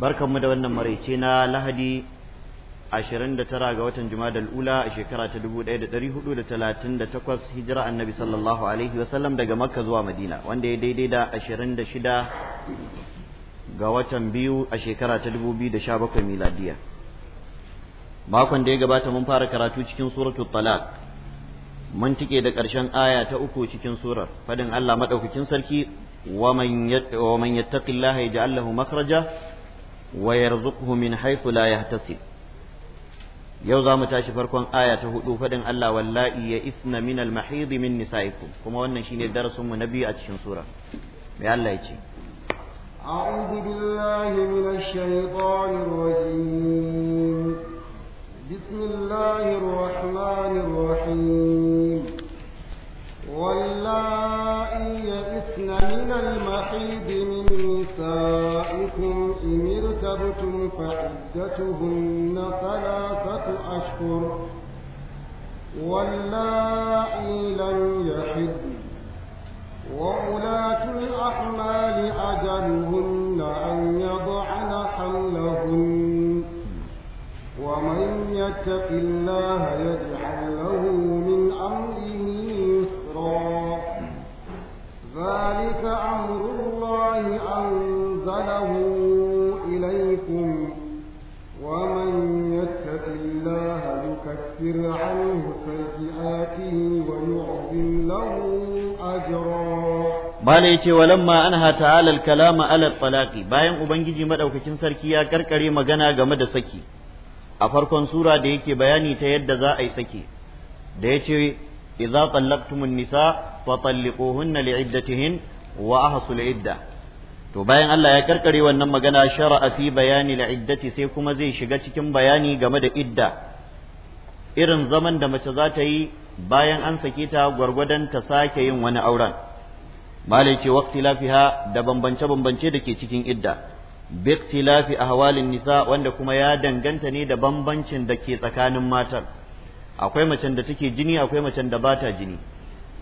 barkanmu da wannan maraice na lahadi 29 ga watan jumadal ula a shekara ta 1438 hijira annabi sallallahu alaihi wasallam daga makka zuwa madina wanda ya daidai da 26 ga watan biyu a shekara ta 2017 miladiya makon da ya gabata mun fara karatu cikin suratul talaq mun tike da ƙarshen aya ta uku cikin surar fadin Allah madaukakin sarki wa man yattaqillaha yaj'al lahu makhraja ويرزقه من حيث لا يحتسب يوزا متاشي فركون آية تهدو فدن ألا واللائي يئسن من المحيض من نسائكم كما وانا شيني درس نبي أتشن سورة يا الله أعوذ بالله من الشيطان الرجيم بسم الله الرحمن الرحيم واللائي يئسن من المحيض من نسائكم ارتبتم فعدتهن ثلاثة أشهر واللائي لم يحضن وأولاة الأحمال أجلهن أن يضعن حملهن ومن يتق الله يجعل له من أمره يسرا ذلك أمر الله أنزله bala yace walamma anha ta'ala al-kalama alal talaqi bayan ubangiji madaukakin sarki ya karkare magana game da saki a farkon sura da yake bayani ta yadda za a yi saki da yace idza tallaqtumun nisa fa talliquhunna li'iddatihin wa ahsul idda to bayan Allah ya karkare wannan magana shara'a fi bayani li'iddati sai kuma zai shiga cikin bayani game da idda irin zaman da mace za ta yi bayan an sake ta gwargwadon ta sake yin wani auren malai ce waqtilafiha da bambance bambance da ke cikin idda biqtilafi ahwalin nisa wanda kuma ya danganta ne da bambancin da ke tsakanin matan akwai macen da take jini akwai macen da bata jini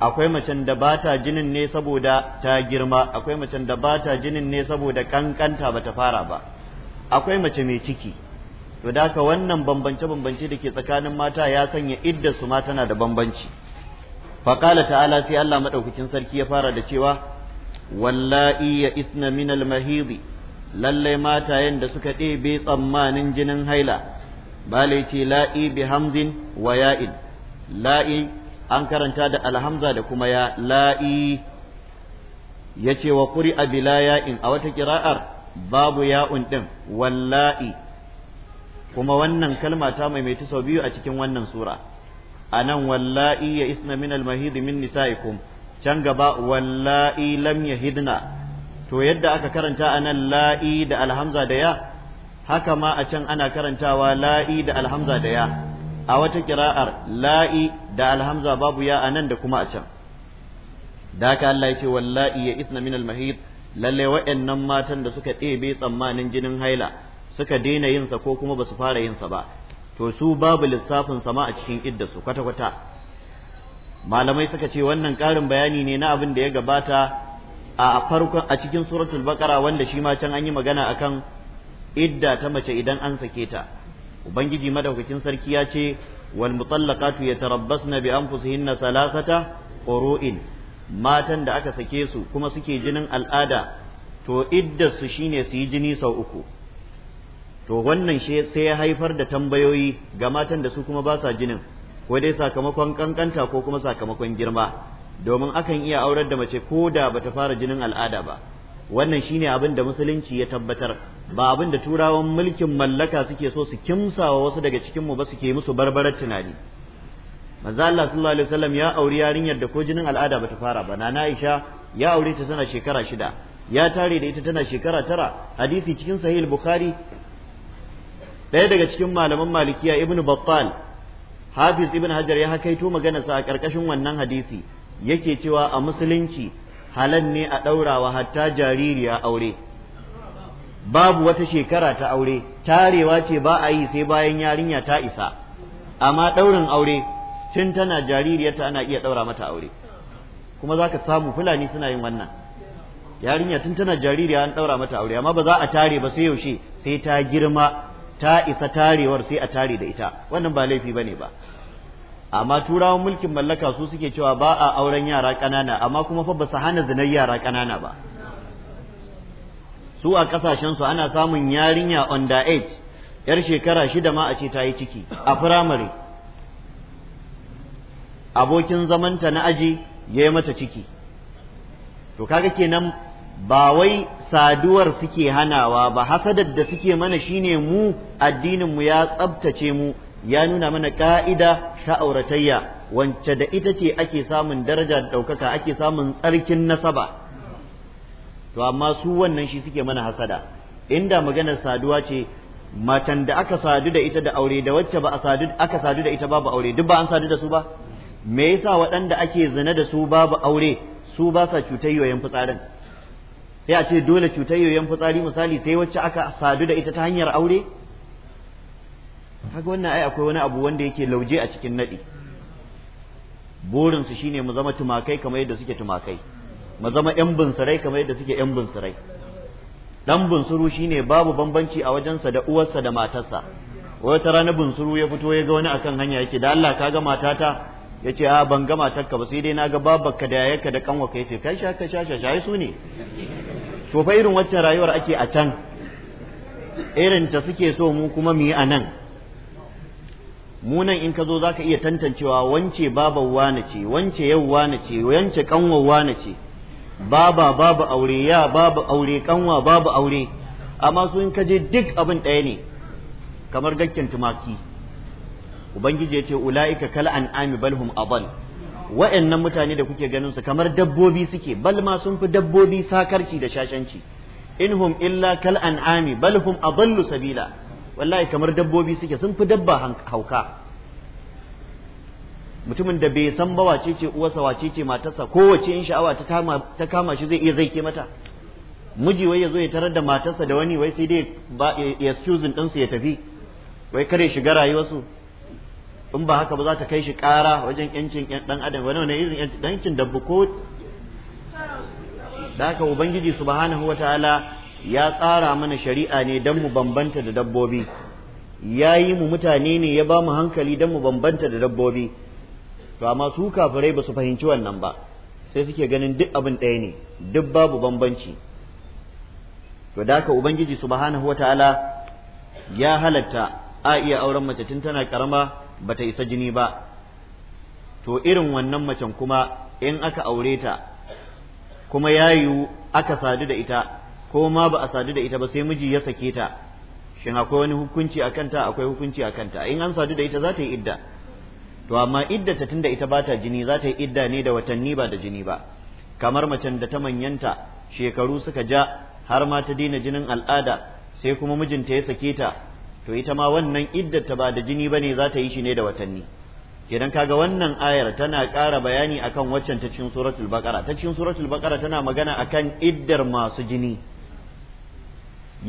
akwai macen da bata jinin ne saboda ta girma akwai macen da bata jinin ne saboda kankanta bata fara ba akwai mace mai ciki to da wannan bambance bambance da ke tsakanin mata ya sanya idda su ma tana da bambanci فقال تعالى Allah الله sarki ya fara da cewa walla'i ya isna min almahidi lalle matayen da suka ɗebe tsammanin jinin haila bale ce la'i bi hamzin wa ya'id la'i an karanta da alhamza da kuma ya la'i ya ce wa kuri a bila ya'in a wata kira'ar babu ya'un ɗin walla'i kuma wannan kalma ta maimaita sau biyu a cikin wannan sura anan walla'i ya isna min almahid min nisaikum can gaba walla'i lam yahidna to yadda aka karanta anan la'i da alhamza da ya haka ma a can ana karantawa la'i da alhamza da ya a wata kira'ar la'i da alhamza babu ya anan da kuma a can da haka Allah ya ce wallahi ya isna min almahid lalle wa'annan matan da suka ɗebe tsammanin jinin haila suka daina yinsa ko kuma ba su fara yinsa ba to su babu lissafin sama a cikin idda su kwata-kwata malamai suka ce wannan ƙarin bayani ne na abin da ya gabata a farkon a cikin suratul baqara wanda shi ma can an yi magana akan idda ta mace idan an sake ta ubangiji madaukakin sarki ya ce wal mutallaqatu yatarabbasna bi anfusihinna salasata qurun matan da aka sake su kuma suke jinin al'ada to iddar su shine su yi jini sau uku to wannan sai ya haifar da tambayoyi ga matan da su kuma ba sa jinin ko dai sakamakon kankanta ko kuma sakamakon girma domin akan iya aurar da mace ko da bata fara jinin al'ada ba wannan shine abin da musulunci ya tabbatar ba abin da turawan mulkin mallaka suke so su kimsawa wasu daga cikin mu ba suke musu barbarar tunani manzo Allah sallallahu alaihi wasallam ya auri yarinyar da ko jinin al'ada bata fara ba nana Aisha ya aure ta tana shekara shida ya tare da ita tana shekara tara hadisi cikin sahih bukhari ɗaya daga cikin malaman malikiya Ibn battal hafiz ibn hajar ya hakaito maganarsa a ƙarƙashin wannan hadisi yake cewa a musulunci halal ne a ɗaurawa hatta jariri a aure babu wata shekara ta aure tarewa ce ba a yi sai bayan yarinya ta isa amma ɗaurin aure tun tana jaririyarta ana iya ɗaura mata aure kuma za ka samu fulani suna yin wannan yarinya tun tana jaririya an ɗaura mata aure amma ba za a tare ba sai yaushe sai ta girma ta isa tarewar sai a tare da ita wannan ba laifi bane ba amma turawan mulkin mallaka su suke cewa ba a auren yara ƙanana amma kuma fa ba su hana zinar yara ƙanana ba su a ƙasashen su ana samun yarinya under age yar shekara shida ma a ce ta yi ciki a firamare abokin zamanta na aji ya yi mata ciki to kaga kenan ba wai saduwar suke hanawa ba hasadar da suke mana shine mu addinin mu ya tsabtace mu ya nuna mana ka'ida ta auratayya wacce da ita ce ake samun daraja da ɗaukaka ake samun tsarkin nasaba to amma su wannan shi suke mana hasada inda maganar saduwa ce matan da aka sadu da ita da aure da wacce ba sadu aka sadu da ita babu aure duk ba an sadu da su ba me yasa waɗanda ake zina da su babu aure su ba sa cutayyoyin fitsarin sai a ce dole cutar yoyon fitsari misali sai wacce aka sadu da ita ta hanyar aure kaga wannan ai akwai wani abu wanda yake lauje a cikin nadi burin su shine mu zama tumakai kamar yadda suke tumakai mu zama yan bunsurai kamar yadda suke yan bunsurai dan bunsuru shine babu bambanci a wajensa da uwarsa da matarsa wata rana bunsuru ya fito ya ga wani akan hanya yake da Allah kaga matata ya ce a ban ga matarka ba sai dai naga ga babarka da yayarka da kanwarka yace kai sha ka sha sha su ne to fa irin waccan rayuwar ake a can irin ta suke so mu kuma mu yi a nan mu nan in ka zo za ka iya tantancewa wance baban wane ce wance yau wane ce wance kanwar wane ce baba babu aure ya babu aure kanwa babu aure amma su in ka je duk abin ɗaya ne kamar gakken tumaki ubangiji ya ce ula'ika kal an'ami balhum abal wa'annan mutane da kuke ganin su kamar dabbobi suke bal ma sun fi dabbobi sakarci da shashanci hum illa kal an'ami bal hum adallu sabila wallahi kamar dabbobi suke sun fi dabba hauka mutumin da bai san ba wace ce uwarsa wace ce matarsa kowace in sha'awa ta kama shi zai iya zaike mata miji wai ya zo ya tarar da matarsa da wani wai sai dai ya choosing ɗinsu ya tafi wai kare shiga rayuwarsu in ba haka ba za ta kai shi kara wajen yancin ɗan adam wani wani irin yancin dabbu ko da haka ubangiji subhanahu wataala ya tsara mana shari'a ne don mu bambanta da dabbobi ya yi mu mutane ne ya ba mu hankali don mu bambanta da dabbobi to amma su kafirai ba su fahimci wannan ba sai suke ganin duk abin ɗaya ne duk babu bambanci to da haka ubangiji subhanahu wataala ya halatta a iya auren mace tun tana karama Ba ta isa jini ba to irin wannan macen kuma in aka aure ta kuma ya yiwu aka sadu da ita ko ma ba a sadu da ita ba sai miji ya sake ta shin akwai wani hukunci a kanta akwai hukunci a kanta in an sadu da ita za ta yi idda to amma idda ta tunda ita ba ta jini za ta yi idda ne da watanni ba da jini ba kamar macen da ta manyanta shekaru suka ja har ma ta daina jinin al'ada sai kuma mijinta ya sake ta to ita ma wannan iddar ta ba da jini bane za ta yi shi ne da watanni kenan kaga wannan ayar tana ƙara bayani akan waccan ta cikin suratul baqara ta cikin suratul baqara tana magana akan iddar masu jini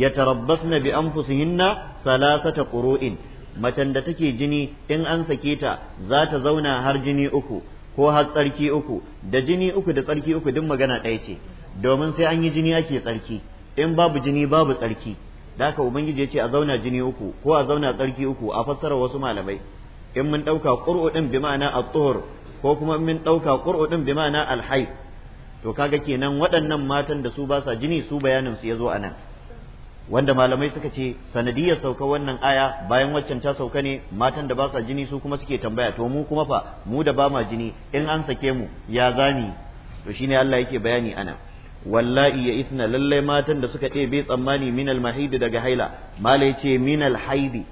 yatarabbasna bi anfusihinna salasata qurun matan da take jini in an sake ta za ta zauna har jini uku ko har tsarki uku da jini uku da tsarki uku duk magana ɗaya ce domin sai an yi jini ake tsarki in babu jini babu tsarki da haka ubangiji ya ce a zauna jini uku ko a zauna tsarki uku a fassara wasu malamai in mun ɗauka ƙur'u ɗin bi ma'ana at-tuhur ko kuma in mun ɗauka ƙur'u ɗin bi ma'ana al to kaga kenan waɗannan matan da su ba sa jini su bayanin su ya yazo anan wanda malamai suka ce sanadiyar sauka wannan aya bayan waccan ta sauka ne matan da ba sa jini su kuma suke tambaya to mu kuma fa mu da ba ma jini in an sake mu ya zani to shine Allah yake bayani anan wallahi ya isna lallai matan da suka ɗebe tsammani minal mahidi daga haila mala ya ce minal haidi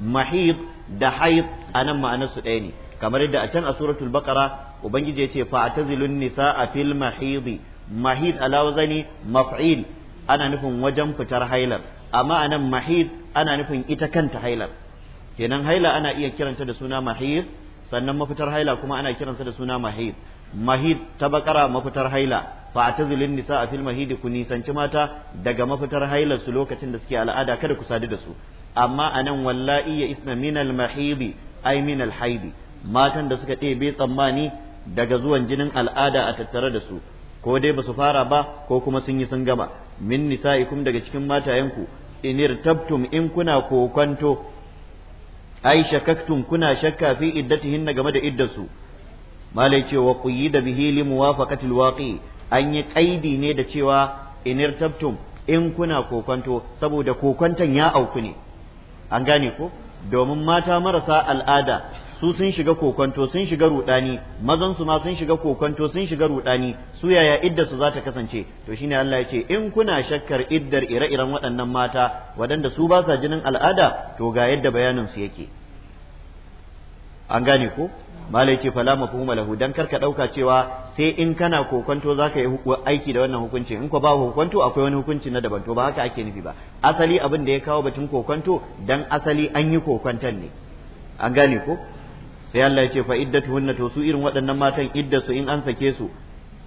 mahid da haid a nan ma'anarsu ɗaya ne kamar yadda a can a suratul baqara ubangiji ya ce fa'tazilun nisa'a fil mahidi mahid alawzani maf'il ana nufin wajen fitar hailar amma anan mahid ana nufin ita kanta hailar kenan haila ana iya kiranta da suna mahid sannan mafitar haila kuma ana kiransa da suna mahid mahid ta bakara mafitar haila fa zulin nisa fil mahidi ku nisanci mata daga mafitar hailar su lokacin da suke al'ada kada ku sadu da su amma anan wallahi ya isna min al mahidi ay min al haidi matan da suka ɗebe tsammani daga zuwan jinin al'ada a tattare da su ko dai ba su fara ba ko kuma sun yi sun gama min nisa'ikum daga cikin matayenku inir tabtum in kuna kokwanto ai shakaktum kuna shakka fi iddatihin game da iddarsu malai ce wa da bihi li muwafaqatil waqi an yi kaidi ne da cewa inirtabtum in kuna kokonto saboda kokonton ya auku ne an gane ko domin mata marasa al'ada su sun shiga kokonto sun shiga rudani mazan su ma sun shiga kokwanto sun shiga rudani su yaya idda su za ta kasance to shine Allah ya ce in kuna shakkar iddar ire-iren waɗannan mata waɗanda su ba sa jinin al'ada to ga yadda bayanin su yake an gane ko malaki ce fala mafhuma lahu dan karka dauka cewa sai in kana kokonto zaka yi aiki da wannan hukunci in ko ba hukunto akwai wani hukunci na daban to ba haka ake nufi ba asali abin da ya kawo batun kokonto dan asali an yi kokontan ne an gane ko sai Allah ya ce fa iddatuhunna to su irin waɗannan matan iddasu in an sake su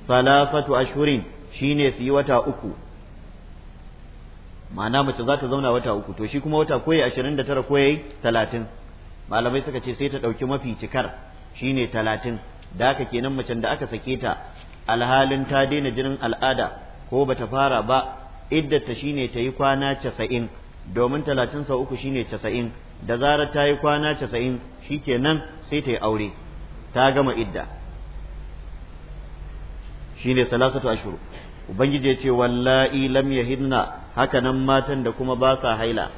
salasatu ashhurin shine su yi wata uku ma'ana mace za ta zauna wata uku to shi kuma wata koyi ashirin da tara koyi talatin malamai suka ce sai ta ɗauki mafi cikar Shi ne talatin da haka kenan macen da aka sake ta alhalin ta daina jinin al'ada ko bata fara ba iddata shi ne ta yi kwana casa'in domin talatin sau uku shi ne casa'in da zarar ta yi kwana casa'in shi nan sai ta yi aure ta gama idda shine salasatu ashuru ubangiji ya ce wallahi lam yahidna hakanan matan da kuma ba sa haila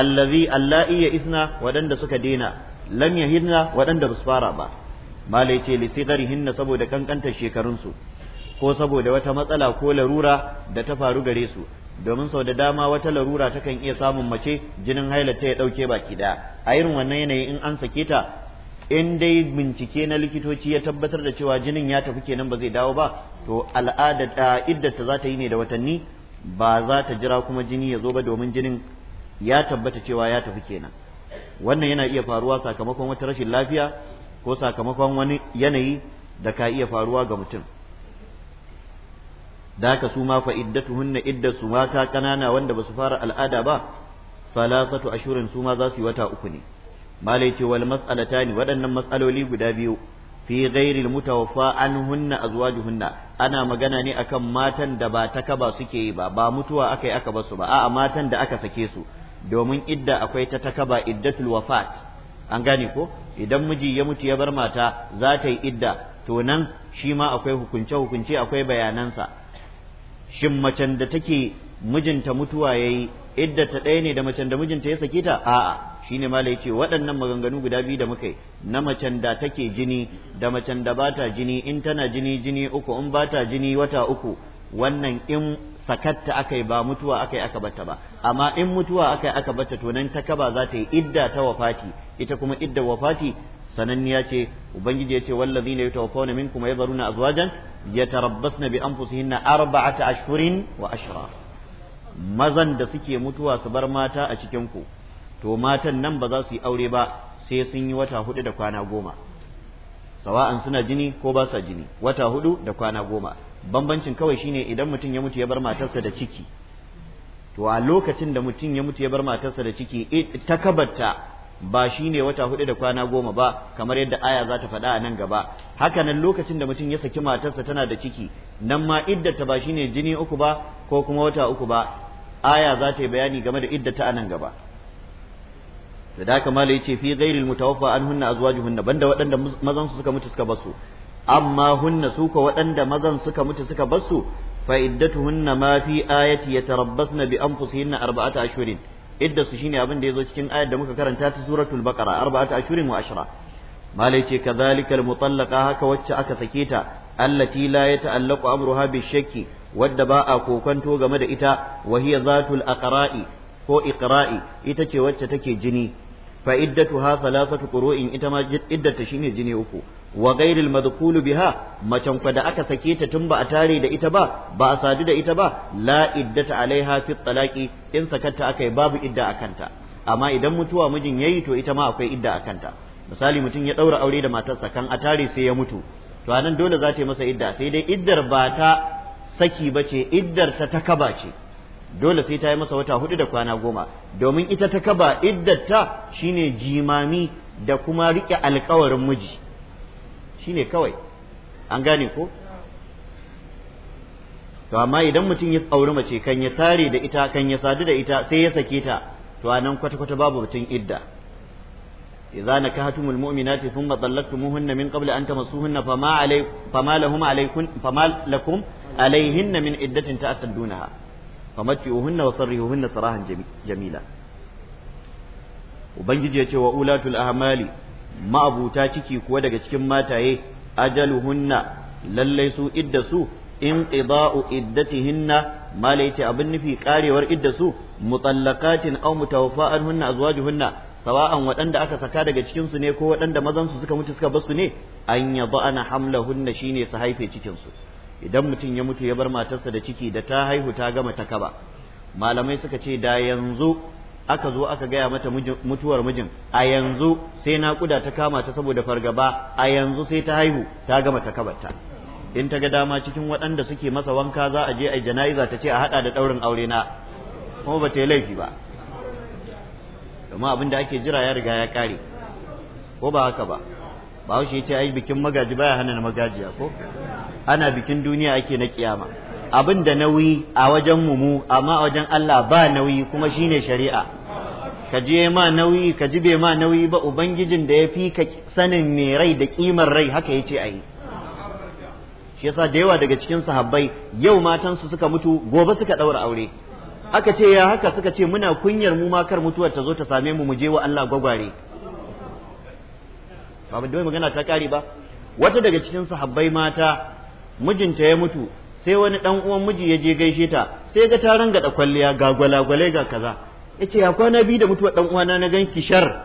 allazi allahi ya isna waɗanda suka daina. lam yahinna waɗanda ba su fara ba malai ce hinna saboda kankantar shekarunsu ko saboda wata matsala ko larura da ta faru gare su domin sau da dama wata larura takan iya samun mace jinin ta ya ɗauke baki daya a irin wannan yanayi in an sake ta in dai bincike na likitoci ya tabbatar da cewa jinin ya tafi kenan ba zai dawo ba to al'ada iddata za ta yi ne da watanni ba za ta jira kuma jini ya zo ba domin jinin ya tabbata cewa ya tafi kenan wannan yana iya faruwa sakamakon wata rashin lafiya ko sakamakon wani yanayi da ka iya faruwa ga mutum da haka su ma fa iddatuhunna iddar su mata kanana wanda ba su fara al'ada ba salasatu ashurin su ma za su yi wata uku ne malai ce wal mas'alatani waɗannan mas'aloli guda biyu fi ghairil mutawaffa anhunna azwajuhunna ana magana ne akan matan da ba ta kaba suke yi ba ba mutuwa aka yi aka basu ba a'a matan da aka sake su domin idda akwai ta takaba iddatul wafat an gane ko idan miji ya mutu ya bar mata za ta yi idda to nan shi ma akwai hukunce hukunce akwai bayanansa shin macen da take mijinta mutuwa yayi idda ta ɗaya ne da macen da mijinta ya saki ta a'a shine malai yace waɗannan maganganu guda biyu da muka yi na macen da take jini da macen da bata jini in tana jini jini uku in bata jini wata uku wannan in sakatta aka yi ba mutuwa aka yi aka bata ba amma in mutuwa aka yi aka bata to nan ta kaba za ta yi idda ta wafati ita kuma idda wafati sananniya ce ubangiji ya ce wallazi ne wallazina yatawaffawna ya baruna azwajan ya na bi anfusihinna arba'ata ashhurin wa ashra mazan da suke mutuwa su bar mata a cikin ku to matan nan ba za su yi aure ba sai sun yi wata hudu da kwana goma sawa'an suna jini ko ba sa jini wata hudu da kwana goma bambancin kawai shine idan mutum ya mutu ya bar matarsa da ciki to a lokacin da mutum ya mutu ya bar matarsa da ciki ta kabarta ba shine wata hudu da kwana goma ba kamar yadda aya za ta faɗa a nan gaba haka nan lokacin da mutum ya saki matarsa tana da ciki nan ma iddata ba shine jini uku ba ko kuma wata uku ba aya za ta yi bayani game da iddarta a nan gaba da da haka malai yace fi ghairil mutawaffa anhunna azwajuhunna banda waɗanda mazan su suka mutu suka basu amma hunna su ko waɗanda mazan suka mutu suka basu fa iddatuhunna ma fi ayati yatarabbasna bi anfusihinna arba'ata ashhurin idda su shine abin da yazo cikin ayar da muka karanta ta suratul baqara arba'ata ashhurin wa ashra malai yace kadhalika al mutallaqa haka wacce aka sake ta allati la yata'allaqu amruha bi shakki wadda ba a kokonto game da ita wa hiya zatul aqra'i ko iqra'i ita ce wacce take jini fa iddatuha thalathatu qurun ita ma iddata shine jini uku wa ghairil madkhul biha macan kwa da aka sake ta tun ba a tare da ita ba ba a sadu da ita ba la iddata alaiha fi talaqi in sakatta akai babu idda akanta amma idan mutuwa mijin yayi to ita ma akwai idda akanta misali mutum ya daura aure da matarsa kan a tare sai ya mutu to anan dole za ta yi masa idda sai dai iddar ba ta saki bace iddar ta takaba ce dole sai ta yi masa wata hudu da kwana goma domin ita ta kaba iddata shine jimami da kuma riƙe alkawarin miji shine kawai an gane ko to amma idan mutum ya tsauri mace kan ya tare da ita kan ya sadu da ita sai ya sake ta to anan kwata kwata babu mutum idda idza nakahatumul mu'minati thumma tallaqtumuhunna min qabli an tamassuhunna fama alay fama lahum alaykum fama lakum alayhinna min iddatin ta'tadunaha famatuhunna wa sarrihuhunna sarahan jamila ubangiji ya ce wa ulatul ahmali ma'abuta ciki kuwa daga cikin mataye ajaluhunna lallai su idda su in qida'u iddatihinna malaiti abin nufi karewar idda su mutallaqatin aw mutawaffa'anhunna azwajuhunna sawa'an waɗanda aka saka daga cikin ne ko waɗanda mazan su suka mutu suka basu ne an hamla hunna shine su haife cikinsu. idan mutum ya mutu ya bar matarsa da ciki da ta haihu ta gama ta kaba malamai suka ce da yanzu aka zo aka gaya mata mutuwar mijin a yanzu sai naƙuda ta kama ta saboda fargaba a yanzu sai ta haihu ta gama ta kabarta in ta ga dama cikin waɗanda suke masa wanka za a je a jana'iza ta ce a haɗa da ɗaurin aure na kuma ba ta yi laifi ba amma abin da ake jira ya riga ya kare ko ba haka ba ba ya ce ai bikin magaji baya hana na magajiya ko ana bikin duniya ake na kiyama abin da nauyi a wajen mu amma a wajen Allah ba nauyi kuma shine shari'a ka je ma nauyi ka ji bai ma nauyi ba ubangijin da ya fi ka sanin me rai da kimar rai haka yace ayi shi yasa da yawa daga cikin sahabbai yau matansu suka mutu gobe suka daura aure aka ce ya haka suka ce muna kunyar mu ma kar mutuwar ta zo ta same mu mu je wa Allah gwagware ba ba magana ta kare ba wata daga cikin sahabbai mata mijinta ya mutu sai wani dan uwan miji ya je gaishe ta sai ga ta ga da kwalliya ga gwalagwale ga kaza yace ya kwana biyu da mutuwar dan uwana na ganki shar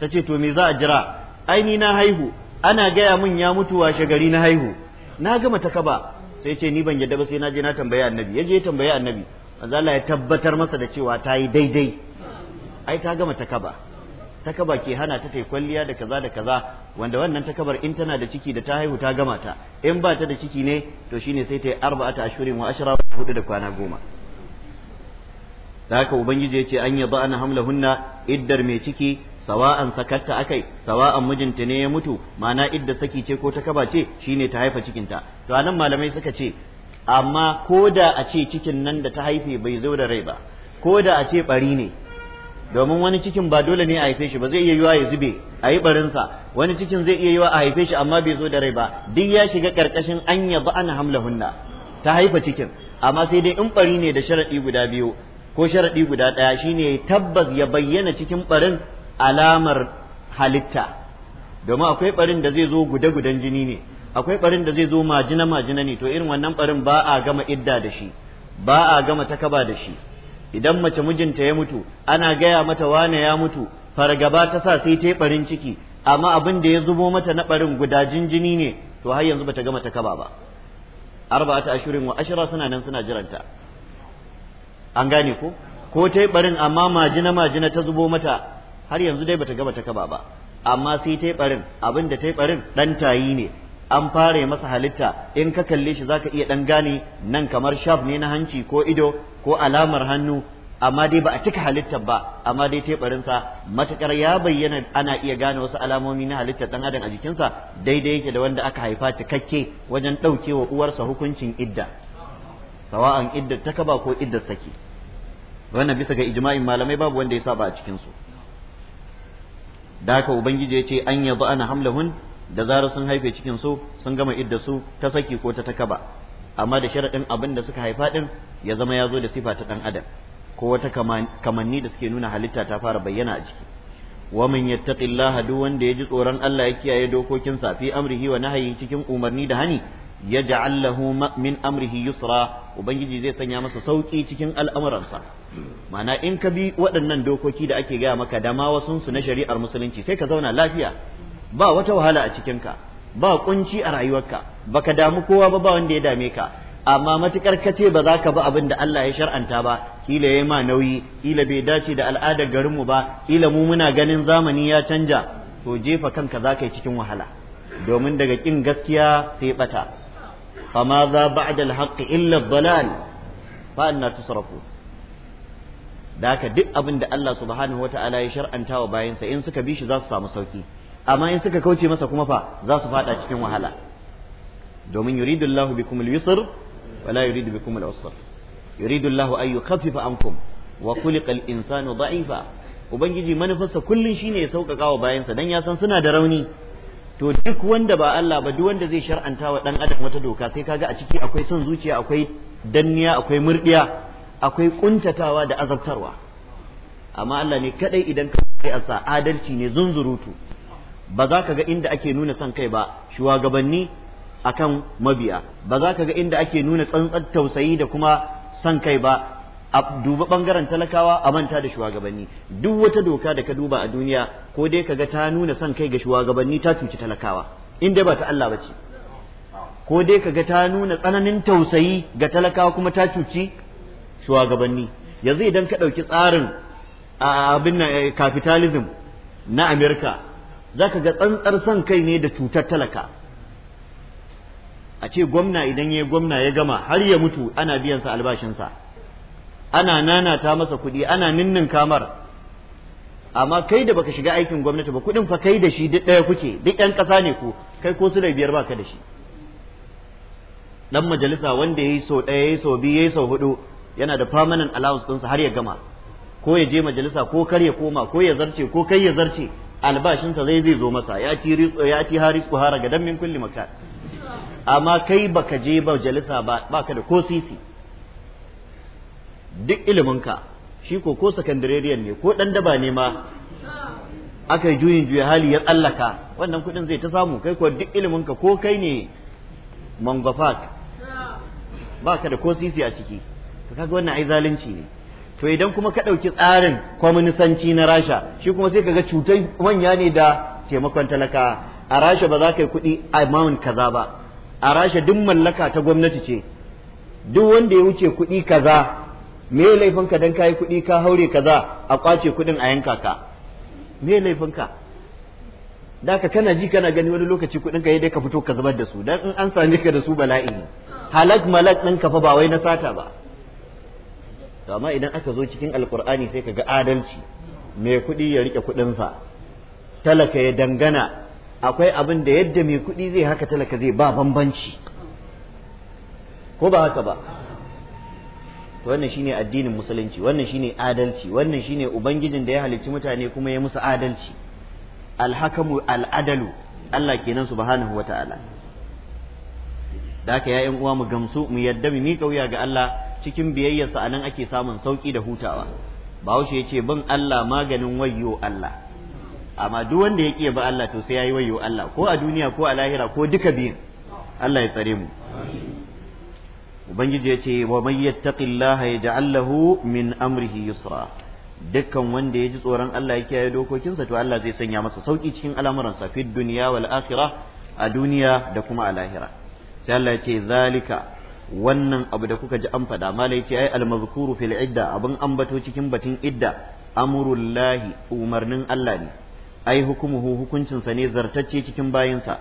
tace to me za a jira ai ni na haihu ana gaya mun ya mutu washe gari na haihu na gama ta kaba sai ce ni ban yadda ba sai na je na tambayi annabi ya je tambayi annabi manzo Allah ya tabbatar masa da cewa ta yi daidai ai ta gama ta kaba takaba ke hana ta ta kwalliya da kaza da kaza wanda wannan takabar in tana da ciki da ta haihu ta gama ta in ba ta da ciki ne to shine sai ta yi arba'ata ashirin, wa ashra hudu da kwana goma Zaka haka ubangiji ya ce an yaba an hamlahunna iddar mai ciki sawa'an sakatta akai sawa'an mijinta ne ya mutu ma'ana idda saki ce ko takaba ce shine ta haifa cikinta to anan malamai suka ce amma ko da a ce cikin nan da ta haife bai zo da rai ba ko da a ce bari ne domin wani cikin ba dole ne a haife shi ba zai iya yiwa ya zube a yi barinsa wani cikin zai iya yiwa a haife shi amma bai zo da rai ba duk ya shiga karkashin an ba ana hamla hunna ta haifa cikin amma sai dai in bari ne da sharaɗi guda biyu ko sharaɗi guda ɗaya shine tabbas ya bayyana cikin barin alamar halitta domin akwai barin da zai zo guda-gudan jini ne akwai barin da zai zo majina-majina ne to irin wannan barin ba a gama idda da shi ba a gama takaba da shi idan mace mijinta ya mutu ana gaya mata wane ya mutu fargaba ta sa sai ta barin ciki amma abin da ya zubo mata na barin gudajin jini ne to har yanzu bata gama ta kaba ba arba'ata ashirin wa ashira suna nan suna jiranta an gane ko ko ta barin amma majina majina ta zubo mata har yanzu dai bata gama ta kaba ba amma sai ta barin abin da ta barin dan tayi ne an fara masa halitta in ka kalle shi zaka iya dan gane nan kamar shaf ne na hanci ko ido ko alamar hannu amma dai ba a cika halittar ba amma dai teɓarinsa matukar ya bayyana ana iya gane wasu alamomi na halittar ɗan adam a jikinsa daidai yake da wanda aka haifa cikakke wajen ɗaukewa uwarsa hukuncin idda sawa'an idda ta kaba ko idda saki wannan bisa ga ijma'in malamai babu wanda ya saba a cikinsu da haka ubangiji ya ce an yadda ana hamlahun da zarar sun haife cikin su sun gama idda su ta saki ko ta takaba amma da sharaɗin abin da suka haifa din ya zama ya zo da sifa ta ɗan adam ko wata kamanni da suke nuna halitta ta fara bayyana a ciki wa man yattaqillaha duk wanda yaji tsoron Allah ya kiyaye dokokinsa fi amrihi wa nahyi cikin umarni da hani yaj'al lahu min amrihi yusra ubangiji zai sanya masa sauki cikin al'amuransa ma'ana in ka bi waɗannan dokoki da ake gaya maka da ma wasun su na shari'ar musulunci sai ka zauna lafiya ba wata wahala a cikinka ba kunci a rayuwarka baka damu kowa ba ba wanda ya dame ka amma matukar ka ce ba za ka bi abin da Allah ya shar'anta ba kila yayi ma nauyi kila bai dace da al'adar garinmu ba kila mu muna ganin zamani ya canja to jefa kanka za ka yi cikin wahala domin daga kin gaskiya sai bata fama za ba'da al-haqqi illa ad fa anna tusrafun da haka duk abin da Allah subhanahu wa ta'ala ya shar'anta wa bayansa in suka bi shi za su samu sauki amma in suka kauce masa kuma fa za su fada cikin wahala domin yuridu Allahu bikum al-yusr wa la yuridu bikum al-usr yuridu Allahu an yukhaffifa ankum wa khuliqa al-insanu da'ifa ubangiji manufarsa kullun shine ya sauƙaƙa wa bayansa dan ya san suna da rauni to duk wanda ba Allah ba duk wanda zai shar'anta wa dan adam wata doka sai kaga a ciki akwai son zuciya akwai danniya akwai murdiya akwai kuntatawa da azabtarwa amma Allah ne kadai idan ka sai adalci ne zunzurutu ba za ka ga inda ake nuna son kai ba shugabanni akan mabiya ba za ka ga inda ake nuna tsantsar tausayi da kuma son kai ba a duba bangaren talakawa a manta da shugabanni duk wata doka da ka duba a duniya ko dai ga ta nuna son kai ga shugabanni ta cuci talakawa inda dai ba ta Allah ba ce ko dai kaga ta nuna tsananin tausayi ga talakawa kuma ta cuci shugabanni yanzu idan ka ɗauki tsarin abin eh, capitalism na Amurka. Za ka ga tsantsar son kai ne da cutar talaka a ce gwamna idan ya gwamna ya gama har ya mutu ana biyan sa albashinsa ana nanata masa kuɗi ana ninnin kamar amma kai da baka shiga aikin gwamnati ba kuɗin fa kai da shi duk ɗaya kuke duk ƴan ƙasa ne ku kai ko su biyar baka da shi dan majalisa wanda yayi sau ɗaya yayi sau biyu yayi sau hudu yana da permanent allowance ɗinsa har ya gama ko ya je majalisa ko kar ya koma ko ya zarce ko kai ya zarce albashinsa zai zai zo masa ya ci ya ci haris ku har ga dammin kulli makan amma kai baka je ba jalisa ba baka da ko sisi duk iliminka shi ko ko sakandireriyan ne ko dan daba ne ma aka yi juyin juya hali ya tsallaka wannan kuɗin zai ta samu kai kuwa duk iliminka ko kai ne mangwafat ba ka da ko sisi a ciki kaga wannan ai zalunci ne to idan kuma ka ɗauki tsarin kwaminisanci na rasha shi kuma sai ka ga cutar manya ne da taimakon talaka a rasha ba za ka yi kuɗi amount kaza ba a rasha duk mallaka ta gwamnati ce duk wanda ya wuce kuɗi kaza me laifinka dan yi kuɗi ka haure kaza a kwace kuɗin a yanka ka me laifinka da ka kana ji kana gani wani lokaci kuɗin ka dai ka fito ka zubar da su dan in an sami ka da su bala'i halak malak ɗin kafa ba wai na sata ba to amma idan aka zo cikin alkur'ani sai ka ga adalci mai kuɗi ya rike kuɗinsa talaka ya dangana akwai abin da yadda mai kuɗi zai haka talaka zai ba bambanci ko ba haka ba wannan shine addinin musulunci wannan shine adalci wannan shine ubangijin da ya halicci mutane kuma ya musu adalci alhakamu al'adalu Allah kenan subhanahu ta'ala. da haka ya uwa mu gamsu mu yadda mu miƙa wuya ga Allah cikin biyayyarsa anan ake samun sauki da hutawa bahaushe ya ce bin Allah maganin wayo Allah amma duk wanda ya ƙiya ba Allah to sai yayi wayyo Allah ko a duniya ko a lahira ko duka biyun Allah ya tsare mu ubangiji ya ce wa man yattaqillaha yaj'al lahu min amrihi yusra dukkan wanda ya ji tsoron Allah ya kiyaye dokokinsa to Allah zai sanya masa sauki cikin al'amuransa fid duniya wal akhirah a duniya da kuma a lahira sai Allah ya ce zalika wannan abu da kuka ji an faɗa malai ce ai almazkuru fil idda abin ambato cikin batun idda amrullahi umarnin Allah ne ai hukumuhu hukuncinsa ne zartacce cikin bayinsa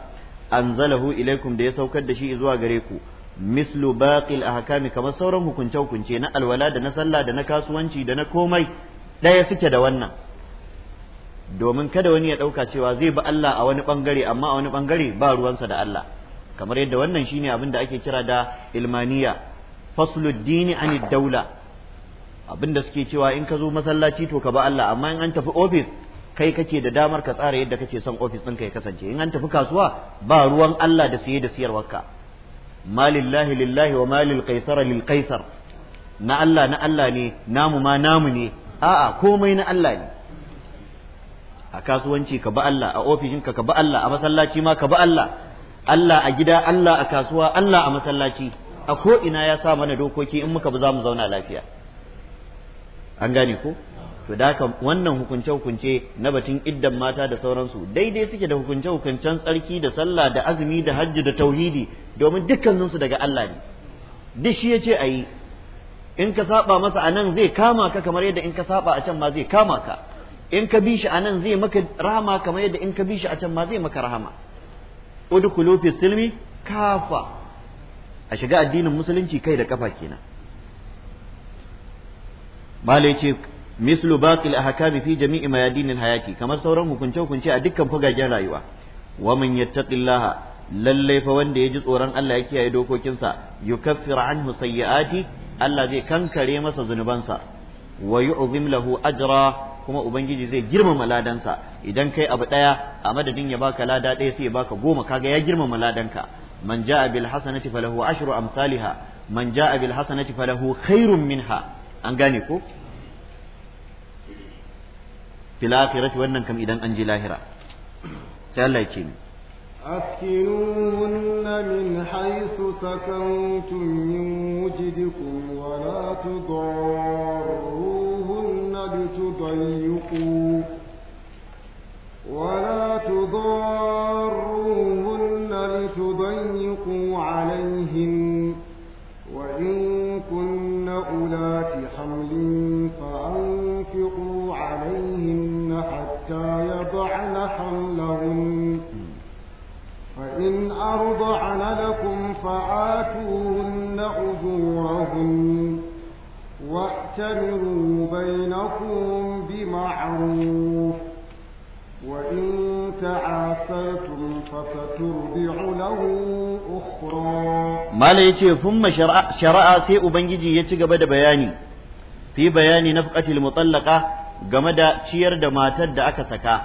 anzalahu ilaikum da ya saukar da shi zuwa gare ku mislu baqil ahkami kamar sauran hukunce hukunce na alwala da na sallah da na kasuwanci da na komai ɗaya suke da wannan domin kada wani ya ɗauka cewa zai bi Allah a wani bangare amma a wani bangare ba ruwansa da Allah kamar yadda wannan shine abin da ake kira da ilmaniya fasluddini anid daula suke cewa in ka zo masallaci to ka ba Allah amma in an tafi ofis kai kake da damar ka tsara yadda kake son ofis ɗinka ya kasance in an tafi kasuwa ba ruwan Allah da siye da siyarwarka ma lillahi lillahi wa ma lil qaisara lil qaisar na Allah na Allah ne namu ma namu ne a'a komai na Allah ne a kasuwanci ka ba Allah a ofishinka ka ba Allah a masallaci ma ka ba Allah Allah a gida Allah a kasuwa Allah a masallaci a ko ina ya sa mana dokoki in muka bi za mu zauna lafiya an gane ko to da haka wannan hukunce hukunce na batun iddan mata da sauransu daidai suke da hukunce hukuncen tsarki da sallah da azumi da hajji da tauhidi domin dukkaninsu daga Allah ne duk shi yace ayi in ka saba masa anan zai kama ka kamar yadda in ka saba a can ma zai kama ka in ka bi shi anan zai maka rahama kamar yadda in ka bi shi a can ma zai maka rahama udkhulu fi silmi kafa a shiga addinin musulunci kai da kafa kenan malai ce mislu baqil ahkami fi jami'i mayadinil hayati kamar sauran hukunce hukunce a dukkan fagagen rayuwa wa man yattaqillaha lalle fa wanda ya ji tsoron Allah ya kiyaye dokokinsa yukaffiru anhu sayyi'ati Allah zai kankare masa zunubansa wa yu'zim lahu ajra kuma ubangiji zai girmama ladansa idan kai abu daya a madadin ya baka lada ɗaya sai ya baka goma kaga ya girmama ladanka man jaa bil hasanati falahu ashru amsalha man jaa bil hasanati falahu khairun minha an gane ko fil akhirati wannan kam idan an ji lahira sai Allah ya ce ni أسكنوهن من حيث سكنتم من وجدكم ولا تضاروا تضيقوا ولا تضاروهن لتضيقوا عليهن وإن كن أولات حمل فأنفقوا عليهن حتى يضعن حملهن فإن أرضعن لكم فآتوهن أجورهن واعتمروا بينكم بمعروف وإن تعاسرتم فسترضع له أخرى ما ليتي ثم شرع شرع سي أبنجي يتقب بياني في بيان game da ciyar da matar da aka saka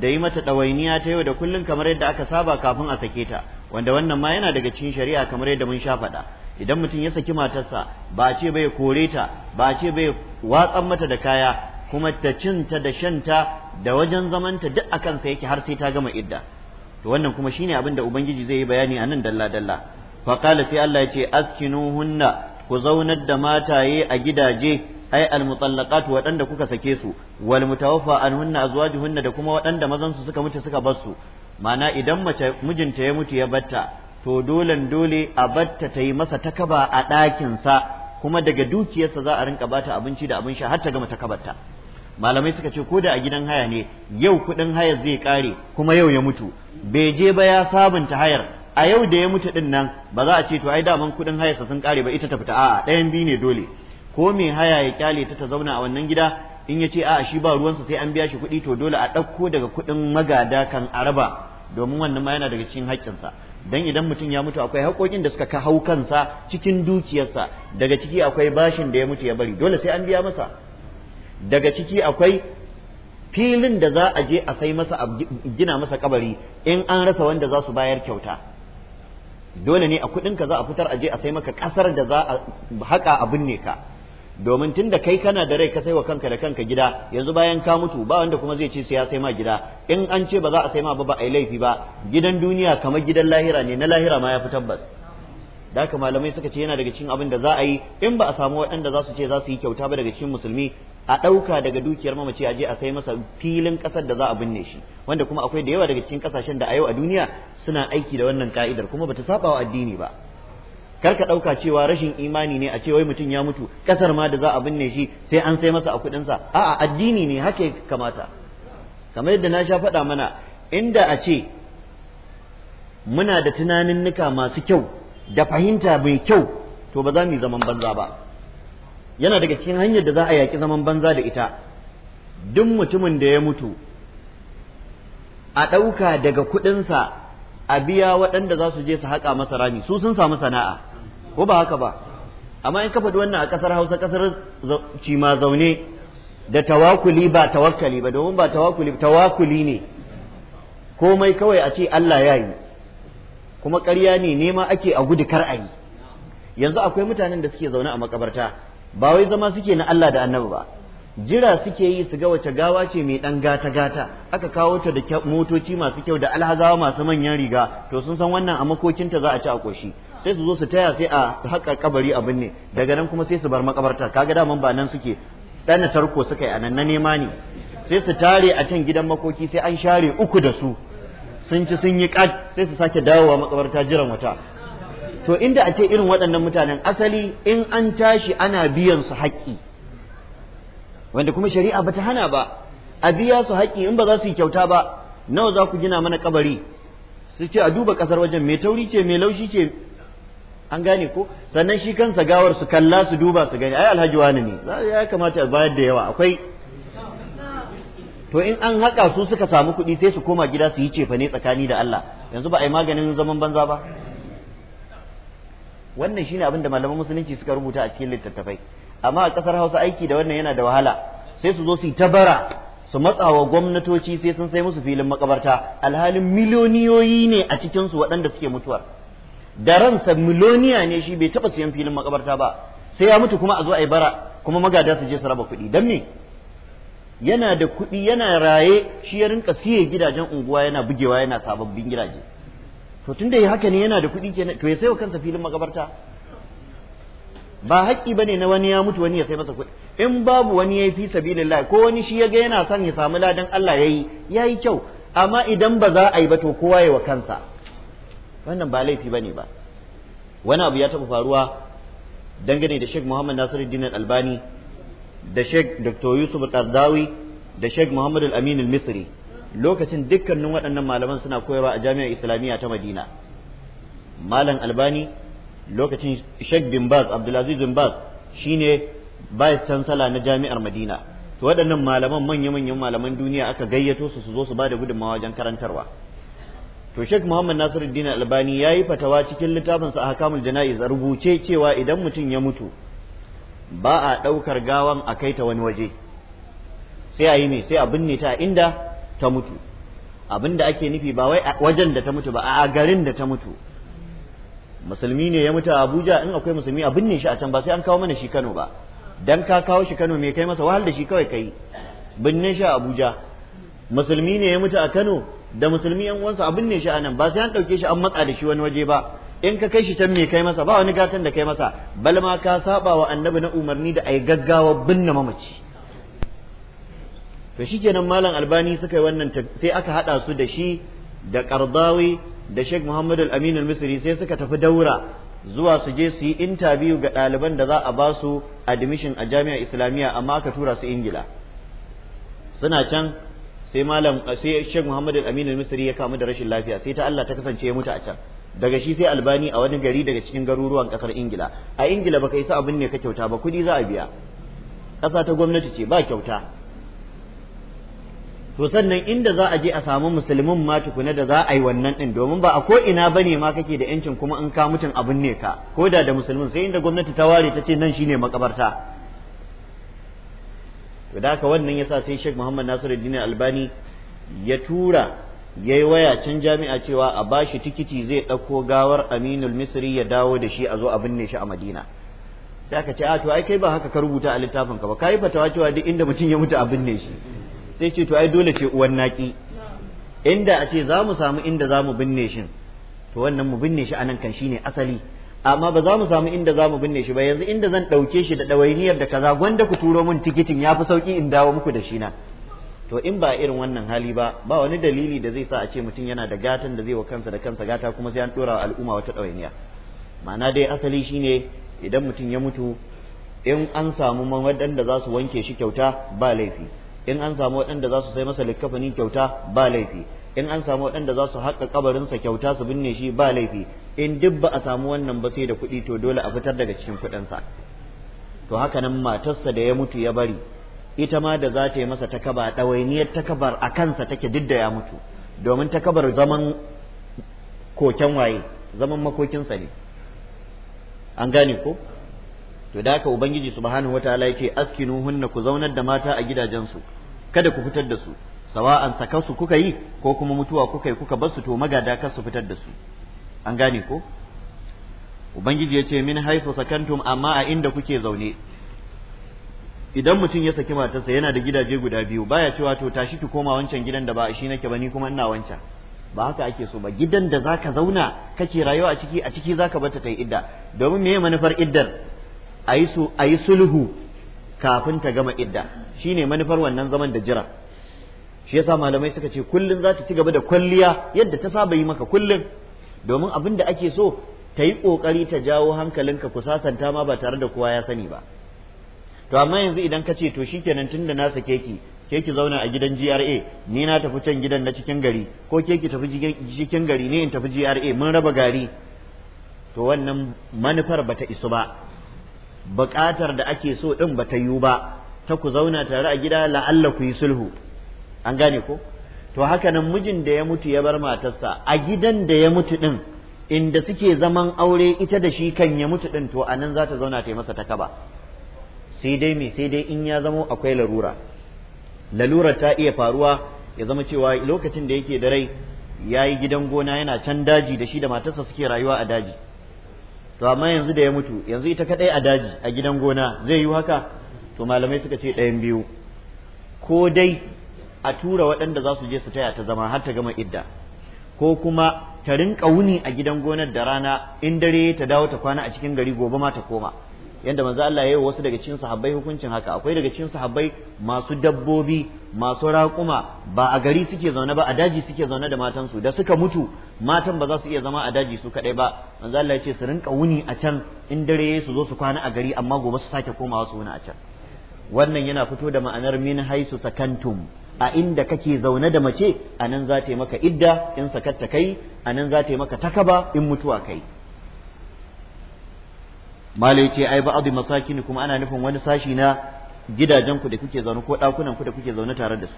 da yi mata ɗawainiya ta yau da kullum kamar yadda aka saba kafin a sake ta wanda wannan ma yana daga cikin shari'a kamar yadda mun sha faɗa idan mutum ya saki matarsa ba ce bai kore ta ba ce bai watsan mata da kaya kuma ta cinta da shanta da wajen zamanta duk a kansa yake har sai ta gama idda to wannan kuma shine abin da ubangiji zai yi bayani a nan dalla dalla fa qala sai Allah ya ce askinuhunna ku zaunar da mataye a gidaje ai almutallaqat waɗanda kuka sake su wal mutawaffa anhunna azwajuhunna da kuma waɗanda mazan su suka mutu suka bar su ma'ana idan mace mijinta ya mutu ya batta to dole dole a batta ta yi masa takaba a ɗakinsa kuma daga dukiyarsa za a rinka bata abinci da abin sha har ta gama takabarta malamai suka ce ko da a gidan haya ne yau kuɗin hayar zai ƙare kuma yau ya mutu bai je ba ya sabunta hayar a yau da ya mutu ɗin nan ba za a ce to ai daman kuɗin hayarsa sun ƙare ba ita ta fita a'a ɗayan biyu ne dole ko mai haya ya kyale ta ta zauna a wannan gida in ya ce a'a shi ba ruwansa sai an biya shi kuɗi to dole a ɗauko daga kuɗin magada kan araba domin wannan ma yana daga cikin haƙƙinsa dan idan mutum ya mutu akwai haƙoƙin da suka hau kansa cikin dukiyarsa daga ciki akwai bashin da ya mutu ya bari dole sai an biya masa daga ciki akwai filin da za a je a sai masa gina masa kabari in an rasa wanda za su bayar kyauta dole ne a ka za a fitar a je a sai maka ƙasar da za a haƙa a binne ka domin tun da kai kana da rai ka sai wa kanka da kanka gida yanzu bayan ka mutu ba wanda kuma zai ce sai ya sai ma gida in an ce ba za a sai ma ba ba a yi laifi ba gidan duniya kamar gidan lahira ne na lahira ma ya fi tabbas da haka malamai suka ce yana daga cikin abin da za a yi in ba a samu waɗanda za su ce za su yi kyauta ba daga cikin musulmi a ɗauka daga dukiyar mamaci a je a sai masa filin ƙasar da za a binne shi wanda kuma akwai da yawa daga cikin ƙasashen da a yau a duniya suna aiki da wannan ka'idar kuma bata saba wa addini ba kar ka ɗauka cewa rashin imani ne a ce wai mutum ya mutu ƙasar ma da za a binne shi sai an sai masa a kuɗinsa a'a addini ne haka kamata kamar yadda na sha faɗa mana inda a ce muna da tunanin nuka masu kyau da fahimta mai kyau to ba za mu yi zaman banza ba yana daga cikin hanyar da za a yaƙi zaman banza da ita duk mutumin da ya mutu a ɗauka daga kuɗinsa a biya waɗanda za su je su haƙa masa rami su sun samu sana'a ko ba haka ba amma in ka wannan a ƙasar hausa ƙasar cima zaune da tawakuli ba tawakkali ba domin ba tawakuli tawakuli ne komai kawai a ce Allah ya yi kuma ƙarya ne nema ake a gudu kar a yi yanzu akwai mutanen da suke zaune a makabarta ba wai zama suke na Allah da annabi ba jira suke yi su ga wace gawa ce mai ɗan gata-gata aka kawo ta da motoci masu kyau da alhazawa masu manyan riga to sun san wannan a makokinta za a ci a ƙoshi sai su zo su taya sai a haƙa kabari a binne daga nan kuma sai su bar makabarta kaga daman ba nan suke ɗana tarko suka yi a nan na nema ne sai su tare a can gidan makoki sai an share uku da su sun ci sun yi ƙat sai su sake dawowa makabarta jiran wata to inda a ce irin waɗannan mutanen asali in an tashi ana biyan su haƙƙi wanda kuma shari'a bata hana ba a biya su haƙƙi in ba za su yi kyauta ba nawa za ku gina mana kabari su ce a duba ƙasar wajen mai tauri ce mai laushi ce an gane ko sannan shi kansa gawar su kalla su duba su gani ai alhaji wani ne ya kamata a bayar da yawa akwai to in an haka su suka samu kuɗi sai su koma gida su yi cefa ne tsakani da Allah yanzu ba a yi maganin zaman banza ba wannan shine abin da malaman musulunci suka rubuta a cikin littattafai amma a ƙasar Hausa aiki da wannan yana da wahala sai su zo su yi tabara su matsawa gwamnatoci sai sun sai musu filin makabarta alhalin miliyoniyoyi ne a cikinsu waɗanda suke mutuwar da ransa miloniya ne shi bai taba siyan filin makabarta ba sai ya mutu kuma a zo a yi bara kuma magada su je su raba kuɗi don me yana da kuɗi yana raye shi ya rinka siye gidajen unguwa yana bugewa yana sababbin gidaje to da ya haka ne yana da kuɗi kenan to ya wa kansa filin makabarta ba haƙƙi ba ne na wani ya mutu wani ya sai masa kuɗi in babu wani yi fi sabilillah ko wani shi ya ga yana son ya samu ladan Allah ya ya yi kyau amma idan ba za a yi ba to kowa ya wa kansa wannan ba laifi bane ba wani abu ya taɓa faruwa dangane da Sheikh Muhammad Nasiruddin Albani da Sheikh Dr. Yusuf Tardawi da Sheikh Muhammad Al-Amin Al-Misri lokacin dukkanin waɗannan malaman suna koyarwa a Jami'ar Islamiyya ta Madina Malam Albani lokacin Sheikh bin Baz Abdulaziz bin Baz shine vice chancellor na Jami'ar Madina to waɗannan malaman manya-manyan malaman duniya aka gayyato su su zo su ba da gudunmawa wajen karantarwa to Sheikh Muhammad Nasiruddin Albani yayi fatawa cikin littafin sa Ahkamul Jana'iz a rubuce cewa idan mutum ya mutu ba a daukar gawan a kai ta wani waje sai a yi ne sai a binne ta inda ta mutu abinda ake nufi ba wai wajen da ta mutu ba a garin da ta mutu musulmi ne ya mutu a Abuja in akwai musulmi a binne shi a can ba sai an kawo mana shi Kano ba dan ka kawo shi Kano me kai masa wahal da shi kawai kai binne shi a Abuja musulmi ne ya mutu a Kano da musulmi yan uwansa abin ne shi anan ba sai an ɗauke shi an matsa da shi wani waje ba in ka kai shi can me kai masa ba wani gatan da kai masa bal ma ka saba wa annabi na umarni da ai gaggawa binne mamaci to shikenan malam albani suka yi wannan sai aka hada su da shi da qardawi da sheikh muhammad al-amin al-misri sai suka tafi daura zuwa su je su yi interview ga ɗaliban da za a ba su admission a jami'a islamiyya amma aka tura su ingila suna can sai malam sai Sheikh Muhammad Al-Amin Al-Misri ya kamu da rashin lafiya sai ta Allah ta kasance ya mutu a can daga shi sai Albani a wani gari daga cikin garuruwan kasar Ingila a Ingila baka isa abin ne ka kyauta ba kudi za a biya kasa ta gwamnati ce ba kyauta to sannan inda za a je a samu musulmin ma tukuna da za a yi wannan din domin ba a ko ina bane ma kake da yancin kuma in ka mutun abin ne ka ko da da musulmin sai inda gwamnati ta ware ta ce nan shine makabarta to da haka wannan yasa sai Sheikh Muhammad Nasiruddin Albani ya tura ya waya can jami'a cewa a bashi tikiti zai ɗauko gawar Aminul Misri ya dawo da shi a zo a binne shi a Madina sai aka ce a to ai kai ba haka ka rubuta a littafin ka ba kai fatawa cewa duk inda mutum ya mutu a binne shi sai ce to ai dole ce uwan naki inda a ce za samu inda zamu binne shi to wannan mu binne shi anan kan shine asali amma ba za mu samu inda za mu binne shi ba yanzu inda zan ɗauke shi da ɗawainiyar da kaza gwanda ku turo min tikitin ya fi sauƙi in dawo muku da shi na to in ba irin wannan hali ba ba wani dalili da zai sa a ce mutum yana da gatan da zai wa kansa da kansa gata kuma sai an ɗora wa al'umma wata ɗawainiya ma'ana dai asali shine idan mutum ya mutu in an samu waɗanda za su wanke shi kyauta ba laifi in an samu waɗanda za su sai masa likkafani kyauta ba laifi in an samu waɗanda za su haƙa kabarinsa kyauta su binne shi ba laifi in duk ba a samu wannan ba sai da kuɗi to dole a fitar daga cikin kuɗinsa to haka nan matarsa da ya mutu ya bari ita ma da za ta yi masa takaba ɗawainiyar takabar a kansa take duk da ya mutu domin takabar zaman koken waye zaman makokinsa ne an gane ko to da haka ubangiji subhanahu wataala ya ce askinu hunna ku zaunar da mata a gidajensu kada ku fitar da su sawa'an sakarsu kuka yi ko kuma mutuwa kuka yi kuka basu to magada kar su fitar da su an gane ko ubangiji ya ce min haifu sakantum amma a inda kuke zaune idan mutum ya saki matarsa yana da gidaje guda biyu baya cewa to tashi ki koma wancan gidan da ba shi nake ba ni kuma ina wancan ba haka ake so ba gidan da zaka zauna kake rayuwa a ciki a ciki zaka bar ta yi idda domin meye manufar iddar ayi su ayi sulhu kafin ta gama idda shine manufar wannan zaman da jira shi yasa malamai suka ce kullum za ta ci gaba da kwalliya yadda ta saba yi maka kullum domin abin da ake so ta yi ƙoƙari ta jawo hankalinka ku sasanta ma ba tare da kowa ya sani ba to amma yanzu idan ka ce to shi tun da na sake ki ke zauna a gidan GRA ni na tafi can gidan na cikin gari ko ke tafi cikin gari ne in tafi GRA mun raba gari to wannan manufar ba ta isu ba buƙatar da ake so din ta yiwu ba ta ku zauna tare a gida la'alla ku yi sulhu an gane ko to haka nan mijin da ya mutu ya bar matarsa a gidan da ya mutu din inda suke zaman aure ita da shi kan ya mutu din to anan za ta zauna ta yi masa takaba sai dai me sai dai in ya zamo akwai larura Lalura ta iya faruwa ya zama cewa lokacin da yake da rai ya yi gidan gona yana can daji da shi da matarsa suke rayuwa a daji to amma yanzu da ya mutu yanzu ita kadai a daji a gidan gona zai yi haka to malamai suka ce ɗayan biyu ko dai a tura waɗanda za su je su taya ta zama har ta gama idda ko kuma ta rinka wuni a gidan gonar da rana in dare ta dawo ta kwana a cikin gari gobe ma ta koma yanda manzo Allah ya yi wasu daga cikin sahabbai hukuncin haka akwai daga cikin sahabbai masu dabbobi masu raƙuma ba a gari suke zaune ba a daji suke zaune da matansu da suka mutu matan ba za su iya zama a daji su kaɗai ba manzo Allah ya ce su rinka wuni a can in dare su zo su kwana a gari amma gobe su sake komawa su wuni a can wannan yana fito da ma'anar min haisu sakantum a inda kake zaune da mace a nan za ta yi maka idda in sakatta kai a nan za ta yi maka takaba in mutuwa kai malai ce ai ba'adu masakini kuma ana nufin wani sashi na gidajen ku da kuke zaune ko ɗakunan ku da kuke zaune tare da su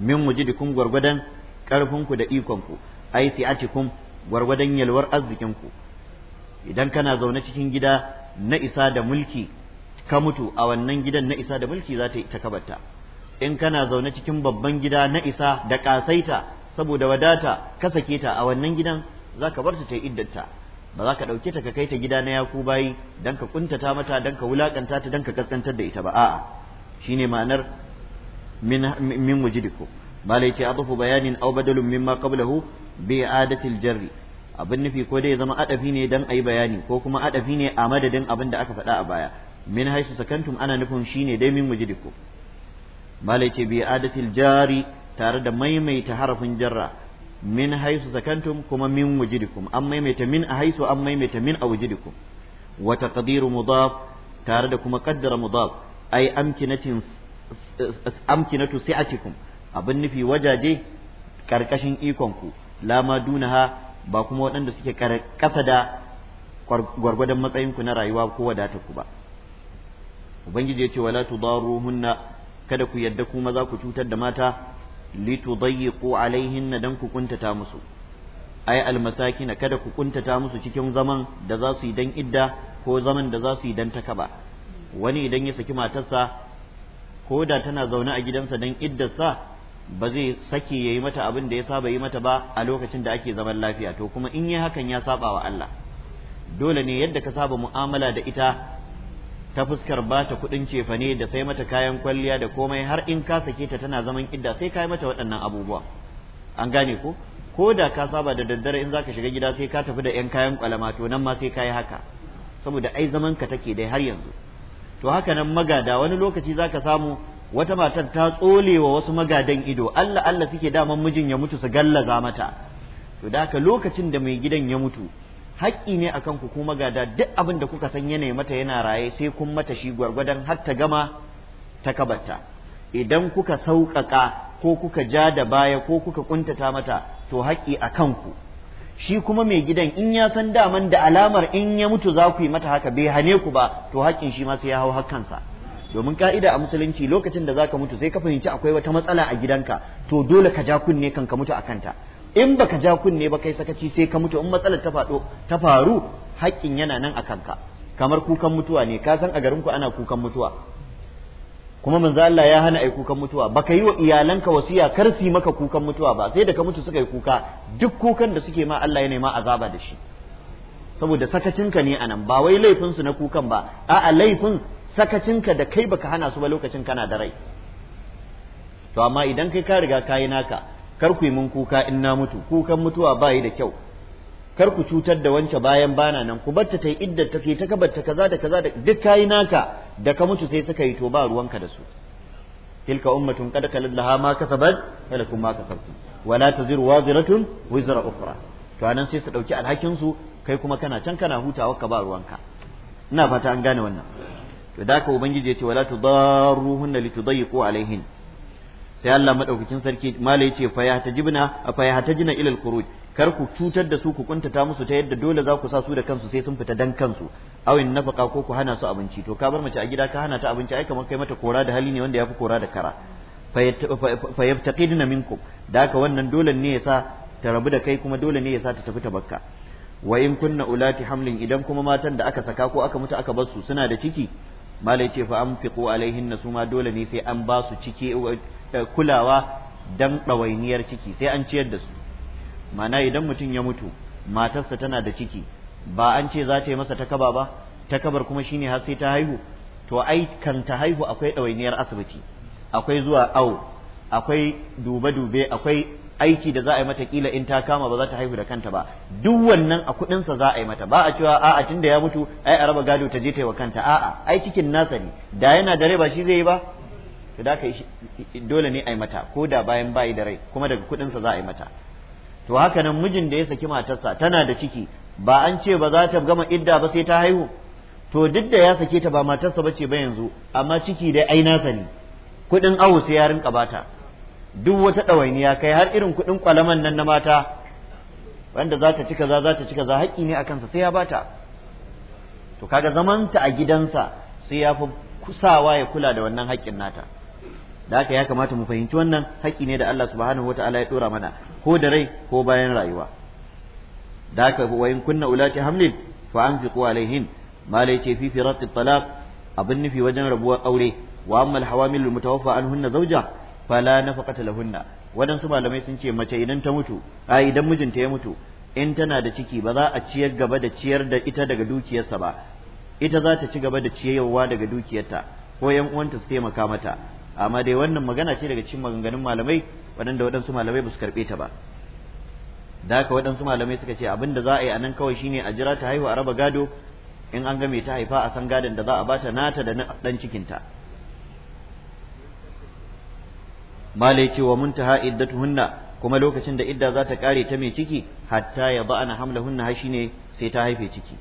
min mujidikum gwargwadon karfin ku da ikon ku ai si'atikum gwargwadon yalwar arzikin ku idan kana zaune cikin gida na isa da mulki ka mutu a wannan gidan na isa da mulki za ta yi takabarta in kana zaune cikin babban gida na isa da kasaita saboda wadata ka sake ta a wannan gidan za ka barta ta yi iddata ba za ka ɗauke ta ka kai ta gida na yaku bayi don ka kuntata mata don ka wulakanta ta don ka kaskantar da ita ba a'a ne ma'anar min wujidiku lai ce adafu bayanin aw badalun mimma qablahu bi adatil jarri abin nufi ko dai zama adafi ne a ayi bayani ko kuma adafi ne a madadin abin da aka faɗa a baya min haisu sakantum ana nufin shine dai min wujidiku malai ce bi adatil jari tare da maimaita harafin jarra min haisu sakantum kuma min wujidikum an maimaita min a haisu an maimaita min a wujidikum wa taqdiru mudaf tare da kuma qaddara mudaf ai amkinatin amkinatu si'atikum abin nufi wajaje karkashin ikon ku lama dunaha ba kuma waɗanda suke ƙasa da gwargwadon matsayinku na rayuwa ko wadatarku ba ubangiji ya ce wala tudaruhunna kada ku yadda ku maza ku cutar da mata litudayyiqu alaihinna dan ku kuntata musu ay almasakin kada ku kuntata musu cikin zaman da za su yi dan idda ko zaman da za su yi dan takaba wani idan ya saki matarsa ko da tana zaune a gidansa dan iddarsa ba zai sake yayi mata abin da ya saba yi mata ba a lokacin da ake zaman lafiya to kuma in yi hakan ya saba wa Allah dole ne yadda ka saba mu'amala da ita ta fuskar ba ta kuɗin cefane da sai mata kayan kwalliya da komai har in ka sake ta tana zaman kidda sai ka mata waɗannan abubuwa an gane ko ko da ka saba da daddare in zaka shiga gida sai ka tafi da yan kayan kwalama to nan ma sai ka yi haka saboda ai zaman ka take dai har yanzu to haka nan magada wani lokaci zaka samu wata matar ta tsolewa wasu magadan ido Allah Allah suke daman mijin ya mutu su gallaza mata to da haka lokacin da mai gidan ya mutu haƙƙi ne akan ku kuma ga da duk abin da kuka san yanayi mata yana raye sai kun mata shi gwargwadon har ta gama ta kabarta idan kuka sauƙaƙa ko kuka ja da baya ko kuka kuntata mata to haƙƙi a kanku shi kuma mai gidan in ya san daman da alamar in ya mutu za ku yi mata haka bai hane ku ba to haƙƙin shi ma sai ya hau hakkansa domin ka'ida a musulunci lokacin da za ka mutu sai ka fahimci akwai wata matsala a gidanka to dole ka ja kunne kanka mutu a kanta in baka ja kunne ba kai sakaci sai ka mutu in matsalar ta faɗo ta faru haƙƙin yana nan a kanka kamar kukan mutuwa ne ka san a garin ku ana kukan mutuwa kuma manzo Allah ya hana ai kukan mutuwa baka yi wa iyalanka wasiya kar su maka kukan mutuwa ba sai da ka mutu suka yi kuka duk kukan da suke ma Allah ya nema azaba da shi saboda sakacinka ne anan ba wai laifin su na kukan ba a'a laifin sakacinka da kai baka hana su ba lokacin kana da rai to amma idan kai ka riga kayi naka kar ku yi mun kuka in na mutu kukan mutuwa ba yi da kyau kar ku cutar da wance bayan bana nan ku barta ta yi iddar ta ta kabar ta kaza da kaza da duk kayi naka da ka mutu sai suka yi to ba ruwanka da su tilka ummatun qad kalat laha ma kasabat walakum ma kasabtum wala taziru waziratun wizra ukhra to anan sai su dauki alhakin su kai kuma kana can kana hutawa ka ba ruwanka ina fata an gane wannan to da ka ubangiji ya ce wala tudarruhunna litudayiqu alaihin sai Allah madaukakin sarki mala yace fa ya tajibna fa ya tajina ila al kar ku cutar da su ku kuntata musu ta yadda dole za ku sa su da kansu sai sun fita dan kansu awin nafaka ko ku hana su abinci to ka bar mace a gida ka hana ta abinci ai kamar kai mata kora da hali ne wanda yafi kora da kara fa yaftaqidna minkum da haka wannan dole ne yasa ta rabu da kai kuma dole ne yasa ta tafi ta bakka wa in kunna ulati hamlin idan kuma matan da aka saka ko aka mutu aka bar su suna da ciki mala ce fa anfiqu alaihin su dole ne sai an ba su ciki Eh, kulawa dan ɗawainiyar ciki sai an ciyar da su mana idan mutum ya mutu matarsa tana da ciki ba an ce za ta yi masa takaba ba takabar kuma shine har sai ta haihu to ai kan ta haihu akwai ɗawainiyar asibiti akwai zuwa awo akwai dube-dube akwai aiki da za a yi mata kila in ta kama ba za ta haihu da kanta ba duk wannan a kuɗinsa za a yi mata ba a cewa a'a tunda ya mutu ai a raba gado ta je ta yi wa kanta a'a ai cikin nasa da yana da rai ba shi zai yi ba to da ka dole ne a yi mata ko da bayan bayi da rai kuma daga kuɗinsa za a yi mata to haka nan mijin da ya saki matarsa tana da ciki ba an ce ba za ta gama idda ba sai ta haihu to duk da ya sake ta ba matarsa ce ba yanzu amma ciki dai ai nasa ne kuɗin awo sai ya rinka bata duk wata ɗawainiya kai har irin kuɗin kwalaman nan na mata wanda za ta ci kaza za ta ci kaza haƙƙi ne a kansa sai ya bata to kaga zamanta a gidansa sai ya fi kusawa ya kula da wannan haƙƙin nata da haka ya kamata mu fahimci wannan haƙƙi ne da Allah subhanahu wataala ya dora mana ko da rai ko bayan rayuwa da haka wa in kunna ulati hamlin fa anfiqu alaihin ma la yace fi firat talaq abin nufi wajen rabuwar aure wa amma alhawamil mutawaffa anhunna zawja fala nafaqata lahunna wadansu malamai sun ce mace idan ta mutu a idan mijinta ya mutu in tana da ciki ba za a ciyar gaba da ciyar da ita daga dukiyarsa ba ita za ta ci gaba da ciyarwa daga dukiyarta ko yan uwanta su taimaka mata amma dai wannan magana ce daga cikin maganganun malamai waɗanda waɗansu malamai ba su karɓe ta ba da haka waɗansu malamai suka ce abin da za a yi a nan kawai shine a jira ta haihu a raba gado in an ga mai ta haifa a san gadon da za a bata nata da ɗan cikinta malai ce wa muntaha iddatuhunna kuma lokacin da idda za ta kare ta mai ciki hatta ya ba ana hamlahunna har shine sai ta haife ciki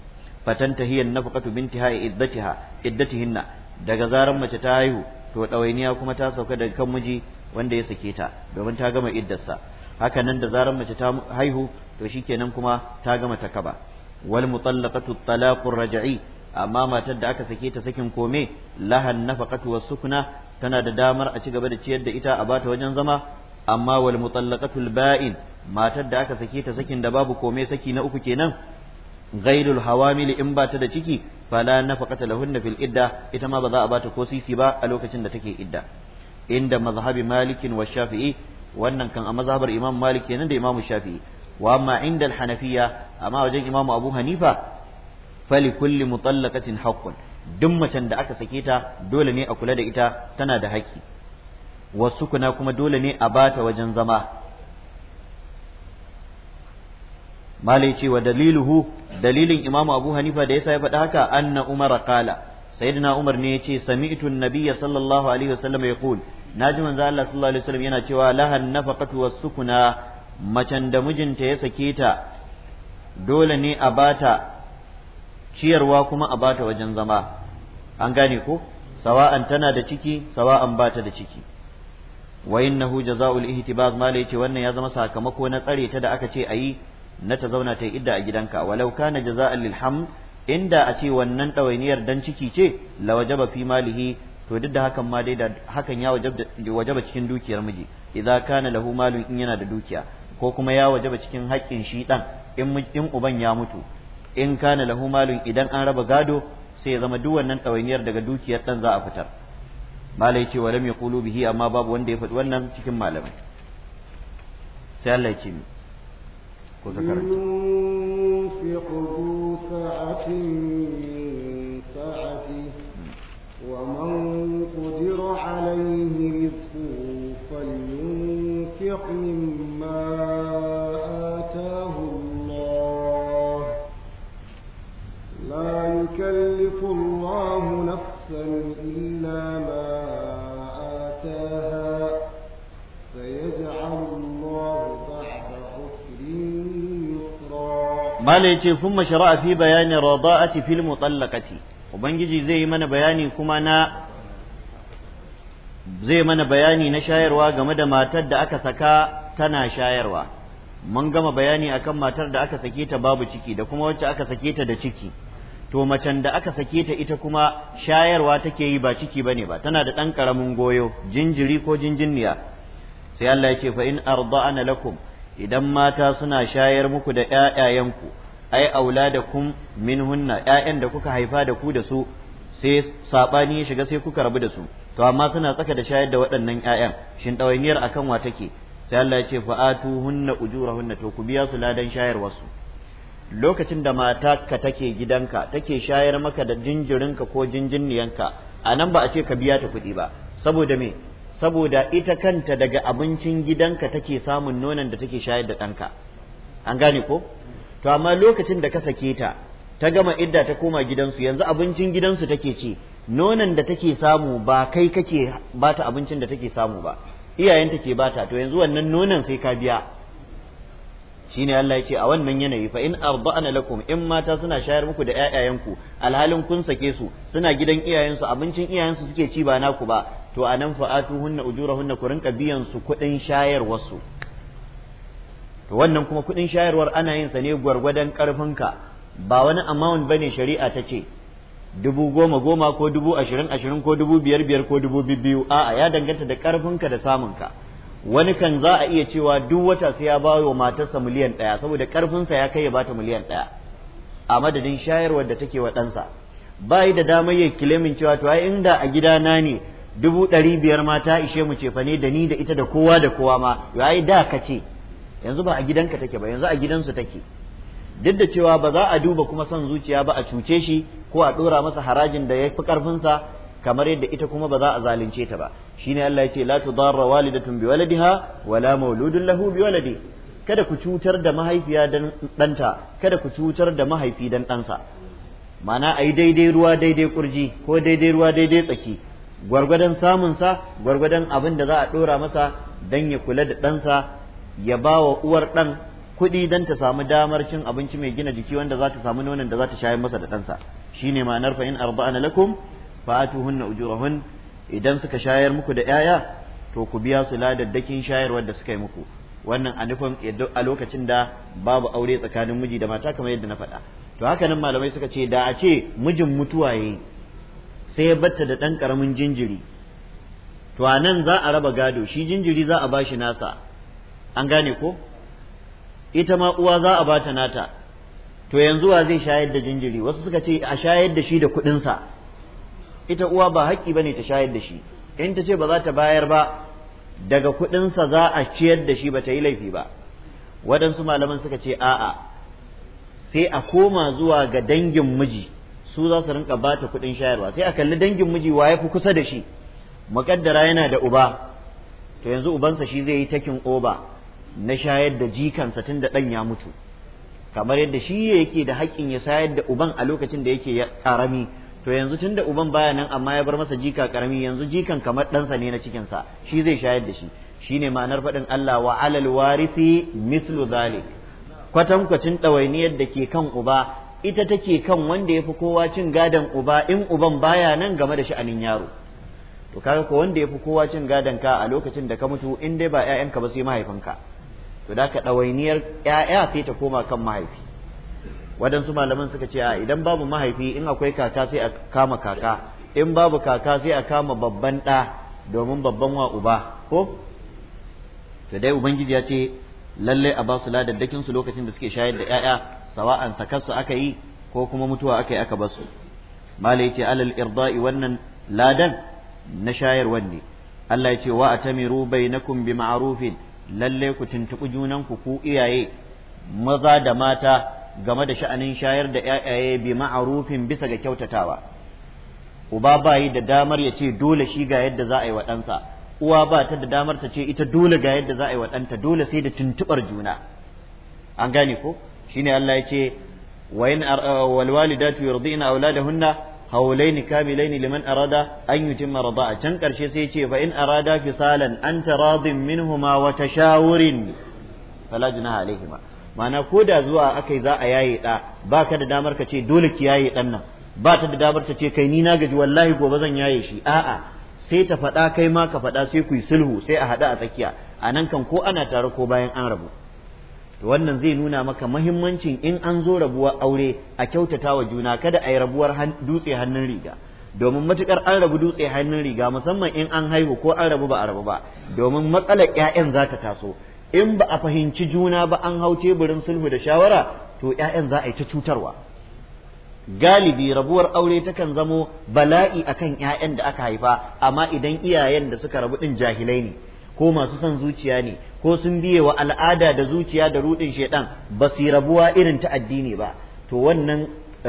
fatantahiyan nafaqatu bintiha iddatiha iddatihinna daga zaran mace ta haihu to ɗawainiya kuma ta sauka daga kan miji wanda ya sake ta domin ta gama iddarsa haka nan da zarar mace ta haihu to shikenan kuma ta gama ta kaba wal mutallaqatu talaqur raj'i amma matar da aka sake ta sakin kome lahan nafaqatu was sukna tana da damar a ci gaba da ciyar da ita a bata wajen zama amma wal mutallaqatul ba'in matar da aka sake ta sakin da babu kome saki na uku kenan ghairul hawamil in ba ta da ciki fala nafaqata lahunna fil idda ita ma ba za a bata ko sisi ba a lokacin da take idda inda mazhabi malikin wa shafi'i wannan kan a mazhabar imam malik kenan da imam shafi'i wa amma inda hanafiya amma wajen imam abu hanifa fali kulli mutallaqatin haqqun duk macen da aka sake ta dole ne a kula da ita tana da haƙƙi wasu kuna kuma dole ne a bata wajen zama malai ce wa daliluhu dalilin imamu abu hanifa da yasa ya faɗi haka anna umar qala sayyidina umar ne yace sami'tu an-nabiyya sallallahu alaihi wasallam yaqul naji manzo Allah sallallahu alaihi wasallam yana cewa lahan nafaqatu was-sukuna macen da mijinta ya sake ta dole ne a bata ciyarwa kuma a bata wajen zama an gane ko sawa'an tana da ciki sawa'an bata da ciki wa innahu jazaa'ul ihtibaz malai ce wannan ya zama sakamako na tsare ta da aka ce ayi na ta zauna ta yi idda a gidanka walau kana jaza'an lil ham inda a ce wannan ɗawainiyar dan ciki ce la wajaba fi malihi to duk da hakan ma dai da hakan ya wajaba cikin dukiyar miji idza kana lahu malun in yana da dukiya ko kuma ya wajaba cikin haƙƙin shi dan in uban ya mutu in kana lahu malun idan an raba gado sai ya zama duk wannan ɗawainiyar daga dukiyar dan za a fitar malai ce lam yaqulu bihi amma babu wanda ya faɗi wannan cikin malamai sai Allah ya ce وذكرت ينفق ذو سعة mala yace thumma shara'a fi bayani rada'ati fil mutallaqati ubangiji zai yi mana bayani kuma na zai mana bayani na shayarwa game da matar da aka saka tana shayarwa mun gama bayani akan matar da aka sake ta babu ciki da kuma wacce aka sake ta da ciki to macen da aka sake ta ita kuma shayarwa take yi ba ciki bane ba tana da ɗan ƙaramin goyo jinjiri ko jinjinniya sai Allah ya ce fa in arda'ana lakum idan mata suna shayar muku da ƴaƴayenku ai da auladakum hunna 'ya'yan da kuka haifa da ku da su sai sabani ya shiga sai kuka rabu da su to amma suna tsaka da shayar da waɗannan 'ya'yan, shin ɗawainiyar akan wa take sai Allah ya ce hunna, ujurahunna to ku biya su ladan shayarwar su lokacin da mata ka take gidanka take shayar maka da jinjirinka ko jinjinniyanka a nan ba a ce ka biya ta kuɗi ba saboda me saboda ita kanta daga abincin gidanka take samun nonon da take shayar da ɗanka an gane ko to amma lokacin da ka sake ta ta gama idda ta koma gidansu yanzu abincin gidansu take ce nonon da take samu ba kai kake bata abincin da take samu ba iyayenta ke bata to yanzu wannan nonon sai ka biya shine Allah yake a wannan yanayi fa in arda'ana lakum in mata suna shayar muku da ƴaƴayenku alhalin kun sake su suna gidan iyayensu abincin iyayensu suke ci ba naku ba to a nan anan ujura ujura ku rinka biyan su kuɗin shayarwar su to wannan kuma kuɗin shayarwar ana yin sa ne gwargwadon ƙarfinka ba wani amount bane shari'a ta ce dubu goma goma ko dubu ashirin ashirin ko dubu biyar biyar ko dubu biyu a'a ya danganta da ƙarfinka da samun ka. wani kan za a iya cewa duk wata sai ya bayo matarsa miliyan ɗaya saboda ƙarfinsa ya kai ya bata miliyan ɗaya a madadin shayarwar da take wa ɗansa ba yi da damar ya kilimin cewa to ai inda a gida na ne dubu ɗari biyar ma ta ishe mu ce fane da ni da ita da kowa da kowa ma yayi da ka ce yanzu ba a gidanka take ba yanzu a gidansu take duk da cewa ba za a duba kuma son zuciya ba a cuce shi ko a ɗora masa harajin da ya fi ƙarfinsa kamar yadda ita kuma ba za a zalunce ta ba shine Allah ya ce la tudarra walidatun bi waladiha wala mauludun lahu bi waladi kada ku cutar da mahaifiya dan ɗanta kada ku cutar da mahaifi dan ɗansa ma'ana ayi daidai ruwa daidai kurji ko daidai ruwa daidai tsaki gwargwadon samunsa gwargwadon abin da za a ɗora masa don ya kula da ɗansa ya ba wa uwar ɗan kuɗi don ta samu damar cin abinci mai gina jiki wanda za ta samu nonon da za ta shayar masa da ɗansa Shi ne ma'anar fahim in arba'ana lakum fa ujura ujurahun idan suka shayar muku da 'ya'ya to ku biya su ladaddakin shayarwar da suka yi muku wannan a nufin a lokacin da babu aure tsakanin miji da mata kamar yadda na faɗa to haka nan malamai suka ce da a ce mijin mutuwa yayi sai ya batta da ɗan ƙaramin jinjiri to a nan za a raba gado shi jinjiri za a bashi nasa an gane ko ita ma uwa za a bata nata to yanzu wa zai shayar da jinjiri wasu suka ce a shayar da shi da kuɗinsa ita uwa ba haƙƙi bane ta shayar da shi in ta ce ba za ta bayar ba daga kuɗinsa za a ciyar da shi ba ta yi laifi ba waɗansu malaman suka ce a'a sai a koma zuwa ga dangin miji su za su rinka ta kuɗin shayarwa sai a kalli dangin miji wa ya fi kusa da shi muƙaddara yana da uba to yanzu ubansa shi zai yi takin oba na shayar da jikansa tun da ɗan ya mutu kamar yadda shi yake da haƙƙin ya shayar da uban a lokacin da yake ƙarami to yanzu tun da uban baya nan amma ya bar masa jika ƙarami yanzu jikan kamar ɗansa ne na cikinsa shi zai shayar da shi shine ma'anar faɗin Allah wa alal warisi mislu zalik kwatankwacin ɗawainiyar da ke kan uba ita take kan wanda ya fi kowa cin gadon uba in uban baya nan game da sha'anin yaro to kaga ko wanda ya fi kowa cin gadon ka a lokacin da ka mutu in dai ba 'ya'yanka ba sai mahaifinka to da ka ɗawainiyar 'ya'ya sai ta koma kan mahaifi waɗansu malaman suka ce a idan babu mahaifi in akwai kaka sai a kama kaka in babu kaka sai a kama babban ɗa domin babban wa uba ko to dai ubangiji ya ce lallai a ba su ladaddakin su lokacin da suke shayar da 'ya'ya sawa'an sakarsu aka yi ko kuma mutuwa aka yi aka basu mala yace alal irda'i wannan ladan na shayar ne Allah yace wa atamiru bainakum bi ma'rufin lalle ku tuntuɓi junanku ku iyaye maza da mata game da sha'anin shayar da ‘ya'yaye bi ma'arufin bisa ga kyautatawa uba ba yi da damar ya ce dole shi ga yadda za a yi wa ɗansa uwa ba ta da damar ta ce ita dole ga yadda za a yi wa ɗanta dole sai da tuntuɓar juna an gane ko shine Allah yace wa in wal walidatu yurdina auladahunna hawlaini kamilaini liman arada an yutimma rida'a can karshe sai yace fa in arada fisalan an taradin minhuma wa tashawurin fala junaha alaihima ma'ana ko da zuwa akai za a yaye da baka da damar ka ce dole ki yaye dan nan ba ta da damar ta ce kai ni na gaji wallahi gobe zan yaye shi a'a sai ta faɗa kai ma ka faɗa sai ku yi sulhu sai a haɗu a tsakiya a nan kan ko ana tare ko bayan an rabu wannan zai nuna maka mahimmancin in an zo rabuwar aure a kyautata wa juna kada a yi rabuwar dutse hannun riga domin matukar an rabu dutse hannun riga musamman in an haihu ko an rabu ba a rabu ba domin matsalar 'ya'yan za ta taso in ba a fahimci juna ba an hau teburin sulhu da shawara to 'ya'yan za a yi ta cutarwa galibi rabuwar aure takan zamo bala'i akan 'ya'yan da aka haifa amma idan iyayen da suka rabu din jahilai ne ko masu son zuciya ne ko sun biye wa al'ada da zuciya da ruɗin shaiɗan ba su rabuwa irin ta addini ba to wannan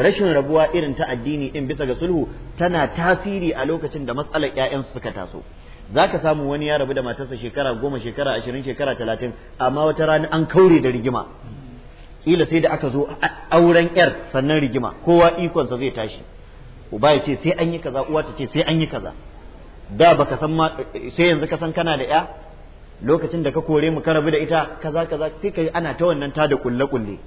rashin rabuwa irin ta addini in bisa ga sulhu tana tasiri a lokacin da matsalar ƴaƴansu suka taso za ka samu wani ya rabu da matarsa shekara goma shekara ashirin shekara talatin amma wata rana an kaure da rigima kila sai da aka zo auren yar sannan rigima kowa ikonsa zai tashi uba ya ce sai an yi kaza uwa ta ce sai an yi kaza da baka san ma sai yanzu ka san kana da ya lokacin da ka kore mu ka da ita kaza kaza sai kai ana ta wannan ta da kulle kulle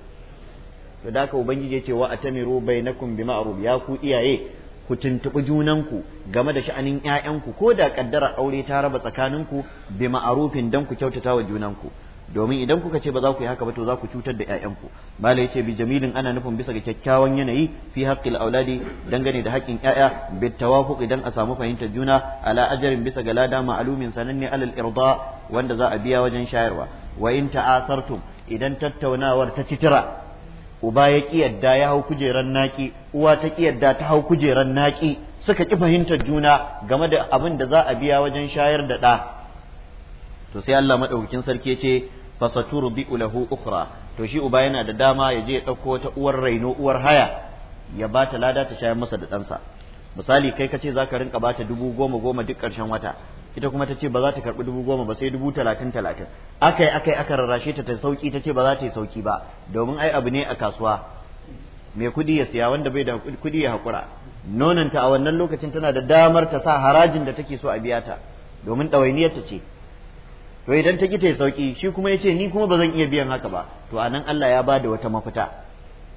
to da ka ubangiji ya ce wa atamiru bainakum bi ma'ruf ya ku iyaye ku tuntuɓi junanku game da sha'anin 'ya'yanku ko da kaddara aure ta raba tsakaninku bi ma'rufin dan ku kyautata wa junanku domin idan kuka ce ba za ku yi haka ba to za ku cutar da ƴaƴanku malai ce bi jamilin ana nufin bisa ga kyakkyawan yanayi fi haqqil auladi dangane da haƙƙin ƴaƴa bi tawafuq idan a samu fahimtar juna ala la'ajarin bisa ga lada ma'lumin sananne alal irda wanda za a biya wajen shayarwa wa in ta'asartum idan tattaunawar ta citira uba ya kiyarda ya hau kujeran naki uwa ta kiyarda ta hau kujeran naki suka ki fahimtar juna game da abin da za a biya wajen shayar da ɗa to sai Allah madaukakin sarki ya ce bi ulahu ukhra to shi uba yana da dama ya je ya ɗauko wata uwar raino uwar haya ya ba ta lada ta shayar masa da ɗansa misali kai kace zaka rinka ta dubu goma goma duk ƙarshen wata ita kuma tace ba za ta karbi dubu goma ba sai dubu talatin talatin akai akai aka rarrashe ta ta sauki tace ba za ta yi sauki ba domin ai abu ne a kasuwa mai kuɗi ya siya wanda bai da kudi ya hakura nonanta a wannan lokacin tana da damar ta sa harajin da take so a biya ta domin ɗawainiyar ta ce to idan ta kita ta sauki shi kuma ya ce ni kuma ba zan iya biyan haka ba to a nan Allah ya bada wata mafita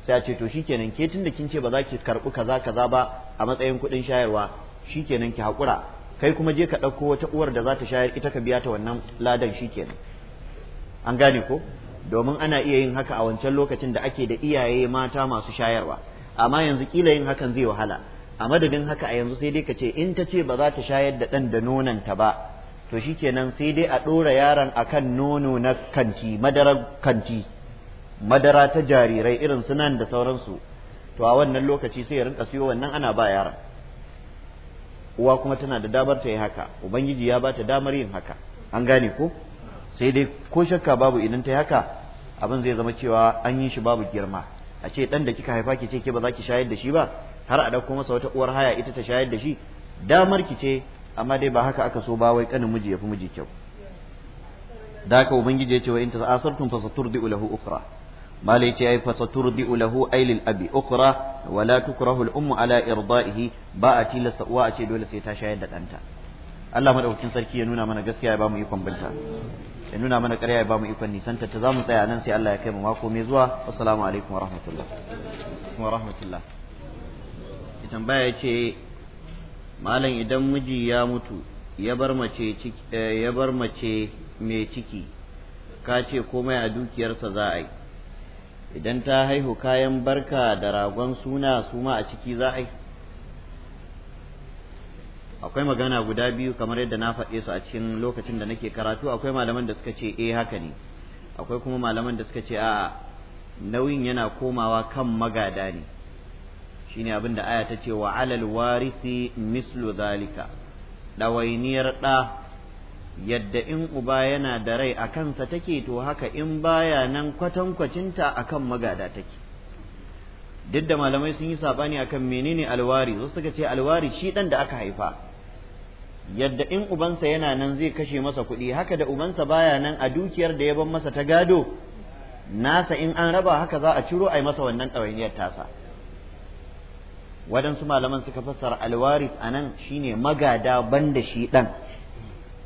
sai a ce to shikenan ke da kin ce ba za ki karɓi kaza kaza ba a matsayin kuɗin shayarwa shikenan ki haƙura kai kuma je ka ɗauko wata uwar da za ta shayar ita ka biya ta wannan ladan shikenan an gane ko domin ana iya yin haka a wancan lokacin da ake da iyaye mata masu shayarwa amma yanzu kila yin hakan zai wahala a madadin haka a yanzu sai dai ka ce in ta ce ba za ta shayar da ɗan da nonanta ba to shi kenan sai dai a ɗora yaron kan nono na kanti madarar kanti madara ta jarirai irin sunan da sauransu to a wannan lokaci sai ya rinka siyo wannan ana ba yaron uwa kuma tana da damar ta yi haka ubangiji ya ba ta damar yin haka an gane ko sai dai ko shakka babu idan ta yi haka abin zai zama cewa an yi shi babu girma a ce dan da kika haifa ki ce ke ba za ki shayar da shi ba har a ɗauko masa wata uwar haya ita ta shayar da shi damar ki ce amma dai ba haka aka so ba wai kanin miji fi miji kyau da haka ubangiji ya ce wa in tasasartum fasaturdi'u lahu ukhra mala yace ai fasaturdi'u lahu ay lil abi ukra wala tukrahu al ummu ala irda'ihi ba a tilasta uwa a ce dole sai ta shayar da danta Allah madaukakin sarki ya nuna mana gaskiya ya ba mu ikon binta ya nuna mana ƙarya ya ba mu ikon nisanta ta zamu tsaya nan sai Allah ya kai mu mako mai zuwa assalamu alaikum wa rahmatullah wa rahmatullah tambaya yace malam idan miji ya mutu ya bar mace eh, ya bar mace mai ciki ka ce komai a dukiyarsa za a yi idan ta haihu kayan barka da ragon suna su ma a ciki za a yi akwai magana guda biyu kamar yadda na faɗe su a cikin lokacin da nake karatu akwai malaman da suka ce eh haka ne akwai kuma malaman da suka ce a'a nauyin yana komawa kan magada ne shine abin da aya ta ce wa alal warisi mislu zalika ɗawainiyar ɗa yadda in uba yana da rai a kansa take to haka in baya nan kwatankwacinta a kan magada take duk da malamai sun yi saɓani a kan menene alwari wasu suka ce alwari shi ɗan da aka haifa yadda in ubansa yana nan zai kashe masa kuɗi haka da ubansa baya nan a dukiyar da ya ban masa ta gado nasa in an raba haka za a ciro a yi masa wannan ɗawainiyar tasa waɗansu malaman suka fassara alwaris a nan shine magada ban da shi ɗan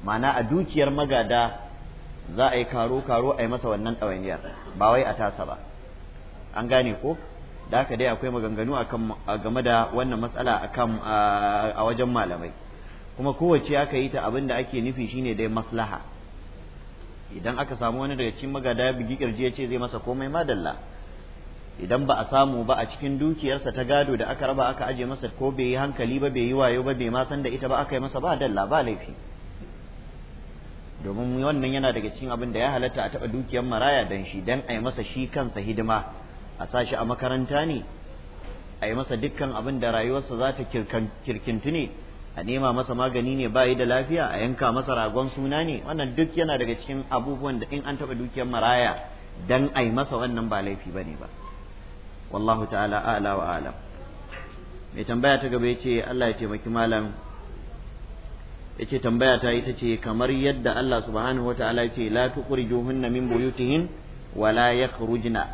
ma'ana a dukiyar magada za a yi karo karo a yi masa wannan ɗawainiyar ba wai a tasa ba an gane ko da haka dai akwai maganganu a game da wannan matsala a wajen malamai kuma kowace aka yi ta abin da ake nufi shine dai maslaha idan aka samu wani daga cikin magada ya bugi kirji ya ce zai masa komai madalla idan ba a samu ba a cikin dukiyarsa ta gado da aka raba aka aje masa ko bai yi hankali ba bai yi wayo ba bai ma san da ita ba aka yi masa ba dalla ba laifi domin wannan yana daga cikin abin da ya halatta a taɓa dukiyar maraya dan shi dan a yi masa shi kansa hidima a sa shi a makaranta ne a yi masa dukkan abin da rayuwarsa za ta kirkintu ne a nema masa magani ne bayi da lafiya a yanka masa ragon suna ne wannan duk yana daga cikin abubuwan da in an taɓa dukiyar maraya dan a yi masa wannan ba laifi ba ne ba wallahu ta'ala a'la wa a'lam mai tambaya ta gaba yace Allah ya taimaki malam yace tambaya ta ita ce kamar yadda Allah subhanahu wata'ala yace la tukhrijuhunna min buyutihin wa la yakhrujna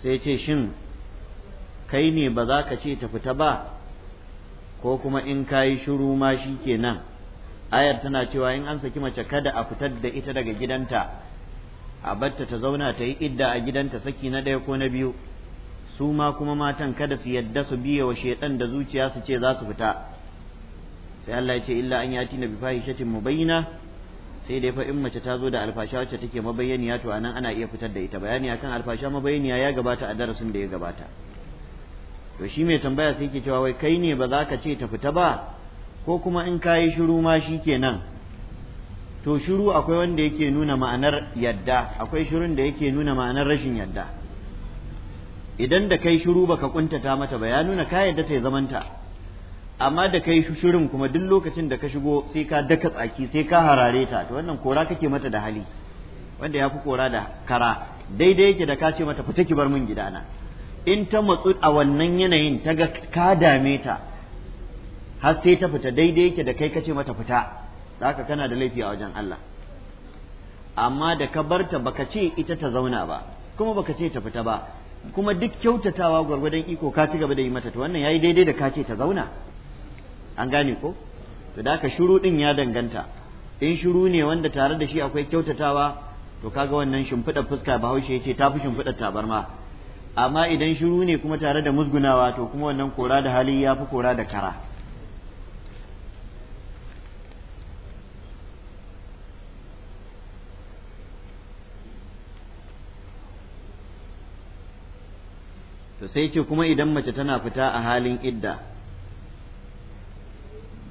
sai yace shin kai ne ba za ka ce ta fita ba ko kuma in kayi shiru ma shikenan ayar tana cewa in an saki mace kada a fitar da ita daga gidanta a batta ta zauna ta yi idda a gidanta saki na ɗaya ko na biyu su ma kuma matan kada su yadda su biye wa shaidan da zuciya su ce za su fita sai Allah ya ce illa an yati na mu mubayyina sai dai fa in mace ta zo da alfasha wacce take mabayyaniya to anan ana iya fitar da ita bayani akan alfasha mabayyaniya ya gabata a darasin da ya gabata to shi mai tambaya sai ke cewa wai kai ne ba za ka ce ta fita ba ko kuma in kayi shiru ma shi kenan to shiru akwai wanda yake nuna ma'anar yadda akwai shirun da yake nuna ma'anar rashin yadda idan da kai shiru baka kuntata mata ba ya nuna ka yadda ta zamanta amma da kai shirin kuma duk lokacin da ka shigo sai ka daka tsaki sai ka harare ta to wannan kora kake mata da hali wanda ya fi kora da kara daidai yake da ka ce mata fita ki bar min gidana in ta matsu a wannan yanayin ta ga ka dame ta har sai ta fita daidai yake da kai kace mata fita haka kana da laifi a wajen Allah amma da ka barta baka ce ita ta zauna ba kuma baka ce ta fita ba kuma duk kyautatawa gwargwadon iko ka ci gaba da yi mata to wannan yayi daidai da ka ce ta zauna an gane ko to da haka shiru din ya danganta in shiru ne wanda tare da shi akwai kyautatawa to kaga wannan shimfiɗar fuska bahaushe ce ta fi shimfiɗar tabarma amma idan shiru ne kuma tare da musgunawa to kuma wannan kora da hali ya fi kora da kara sai ce kuma idan mace tana fita a halin idda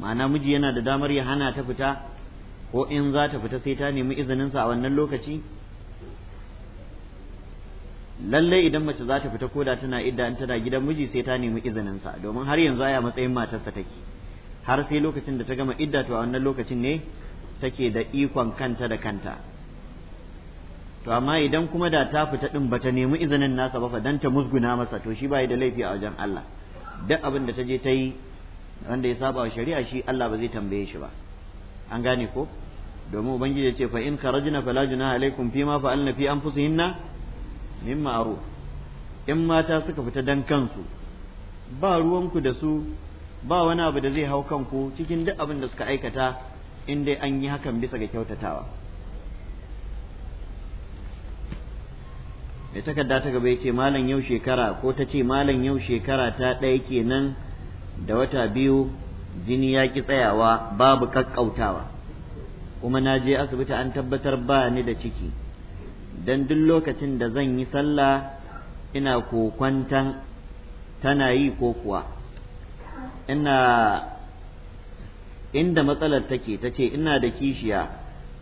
ma'ana miji yana da damar ya hana ta fita ko in za ta fita sai ta nemi izininsa a wannan lokaci lallai idan mace za ta fita ko da tana idda in tana gidan miji sai ta nemi izininsa domin har yanzu aya matsayin matarsa take har sai lokacin da ta gama idda to a wannan lokacin ne take da ikon kanta da kanta to amma idan kuma da ta fita din ta nemi izinin nasa ba fa dan ta musguna masa to shi bai da laifi a wajen Allah duk abin da ta je ta yi wanda ya saba wa shari'a shi Allah ba zai tambaye shi ba an gane ko domin ubangiji ya ce fa in kharajna fala junaha alaikum fi ma fa'alna fi anfusihinna min ma'ruf in mata suka fita dan kansu ba ruwanku da su ba wani abu da zai hau kanku cikin duk abin da suka aikata in dai an yi hakan bisa ga kyautatawa mai takarda ta gaba ya ce malam yau shekara ko ta ce malam yau shekara ta ɗaya kenan da wata biyu jini ya ki tsayawa babu kakkautawa kuma na je asibiti an tabbatar ba ni da ciki don duk lokacin da zan yi sallah ina kokwantan tana yi ko kuwa ina inda matsalar take ta ce ina da kishiya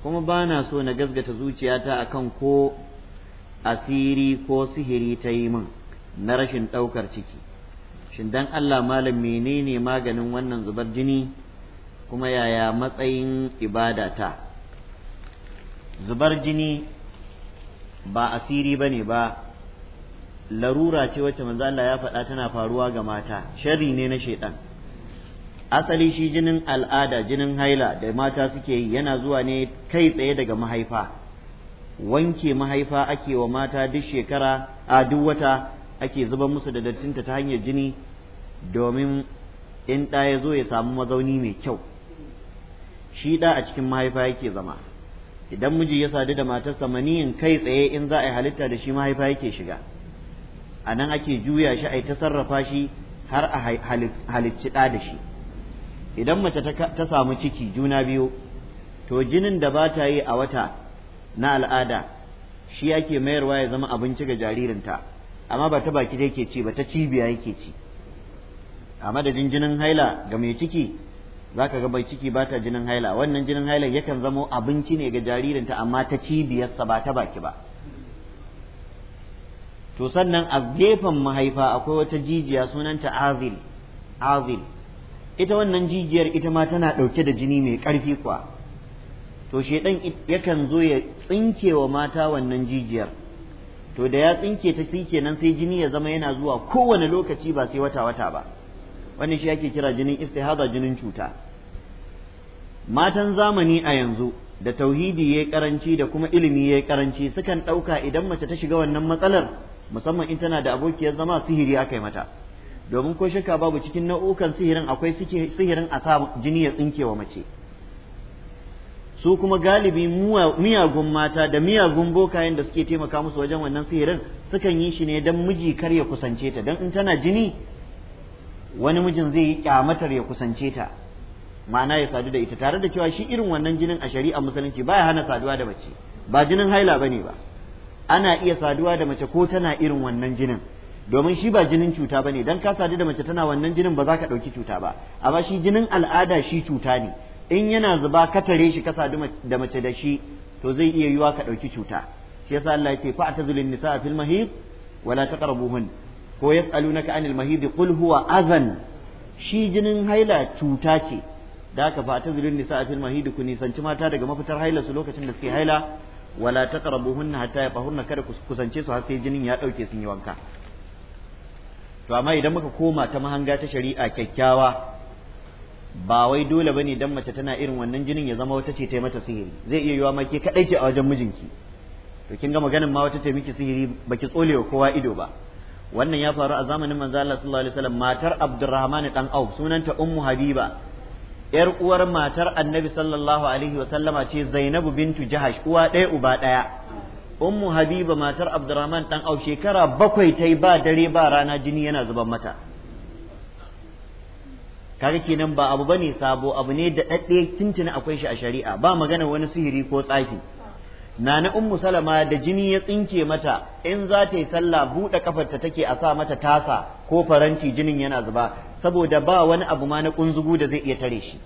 kuma ba na so na gasgata zuciyata akan ko asiri ko sihiri ta yi min na rashin ɗaukar ciki shin dan Allah malam menene maganin wannan zubar jini kuma yaya matsayin ibada ta zubar jini ba asiri ba ne ba larura ce wacce manzo Allah ya faɗa tana faruwa ga mata sharri ne na shaidan asali shi jinin al'ada jinin haila da mata suke yi yana zuwa ne kai tsaye daga mahaifa wanke mahaifa ake wa mata duk shekara a duk wata ake zuba musu da dattinta ta hanyar jini domin in ɗa ya zo ya samu mazauni mai kyau shi ɗa a cikin mahaifa yake zama idan miji ya sadu da matarsa samaniyin kai tsaye in za a yi halitta da shi mahaifa yake shiga a nan ake juya shi a yi ta sarrafa shi har a halicci ɗa da shi idan mace ta samu ciki juna biyu to jinin da ba ta yi a wata na al'ada shi yake mayarwa ya zama abinci ga jaririnta amma ba ta baki da yake ci ba ta cibiya yake ci amma da jinjinin haila ga mai ciki zaka ga mai ciki ba ta jinin haila wannan jinin haila yakan zamo abinci ne ga jaririnta amma ta cibiyarsa ba ta baki ba to sannan a gefen mahaifa akwai wata jijiya sunanta azil azil ita wannan jijiyar ita ma tana ɗauke da jini mai ƙarfi kuwa to shedan yakan zo ya tsinke wa mata wannan jijiyar to da ya tsinke ta shi kenan sai jini ya zama yana zuwa kowane lokaci ba sai wata wata ba wannan shi ake kira jinin istihada jinin cuta matan zamani a yanzu da tauhidi yayi karanci da kuma ilimi yayi karanci sukan ɗauka idan mace ta shiga wannan matsalar musamman in tana da abokiyar zama sihiri aka yi mata domin ko shaka babu cikin nau'ukan sihirin akwai sihirin a sa jini ya tsinke wa mace su kuma galibi miyagun mata da miyagun bokayen da suke taimaka musu wajen wannan sihirin sukan yi shi ne don miji kar ya kusance ta don in tana jini wani mijin zai yi kyamatar ya kusance ta ma'ana ya sadu da ita tare da cewa shi irin wannan jinin a shari'a musulunci baya hana saduwa da mace ba jinin haila bane ba ana iya saduwa da mace ko tana irin wannan jinin domin shi ba jinin cuta bane don ka sadu da mace tana wannan jinin ba za ka ɗauki cuta ba amma shi jinin al'ada shi cuta ne in yana zuba ka tare shi ka sadu da mace da shi to zai iya yiwa ka ɗauki cuta shi yasa Allah yake fa atazulun nisa fil mahid wala taqrabuhun ko yas'alunaka anil mahid qul huwa azan shi jinin haila cuta ce da haka fa atazulun nisa fil mahid ku nisanci mata daga mafitar haila su lokacin da suke haila wala taqrabuhun hatta yaqahunna kada ku kusance su har sai jinin ya dauke sun yi wanka to amma idan muka koma ta mahanga ta shari'a kyakkyawa ba wai dole bane dan mace tana irin wannan jinin ya zama wata ce ta mata sihiri zai iya yiwa ma ke kadai ce a wajen mijinki to kin ga maganin ma wata ce miki sihiri baki wa kowa ido ba wannan ya faru a zamanin manzo Allah sallallahu alaihi wasallam matar Abdurrahman dan Auf sunanta Ummu Habiba yar uwar matar Annabi sallallahu alaihi wasallama ce Zainabu bintu Jahash uwa ɗaya uba ɗaya Ummu Habiba matar Abdurrahman dan Auf shekara bakwai ta ba dare ba rana jini yana zuban mata kaga kenan ba abu bane sabo abu ne da dadde tintina akwai shi a shari'a ba magana wani sihiri ko tsafi nana ummu salama da jini ya tsinke mata in za ta yi sallah buɗe ta take a sa mata tasa ko faranti jinin yana zuba saboda ba wani abu ma na kunzugu da zai iya tare shi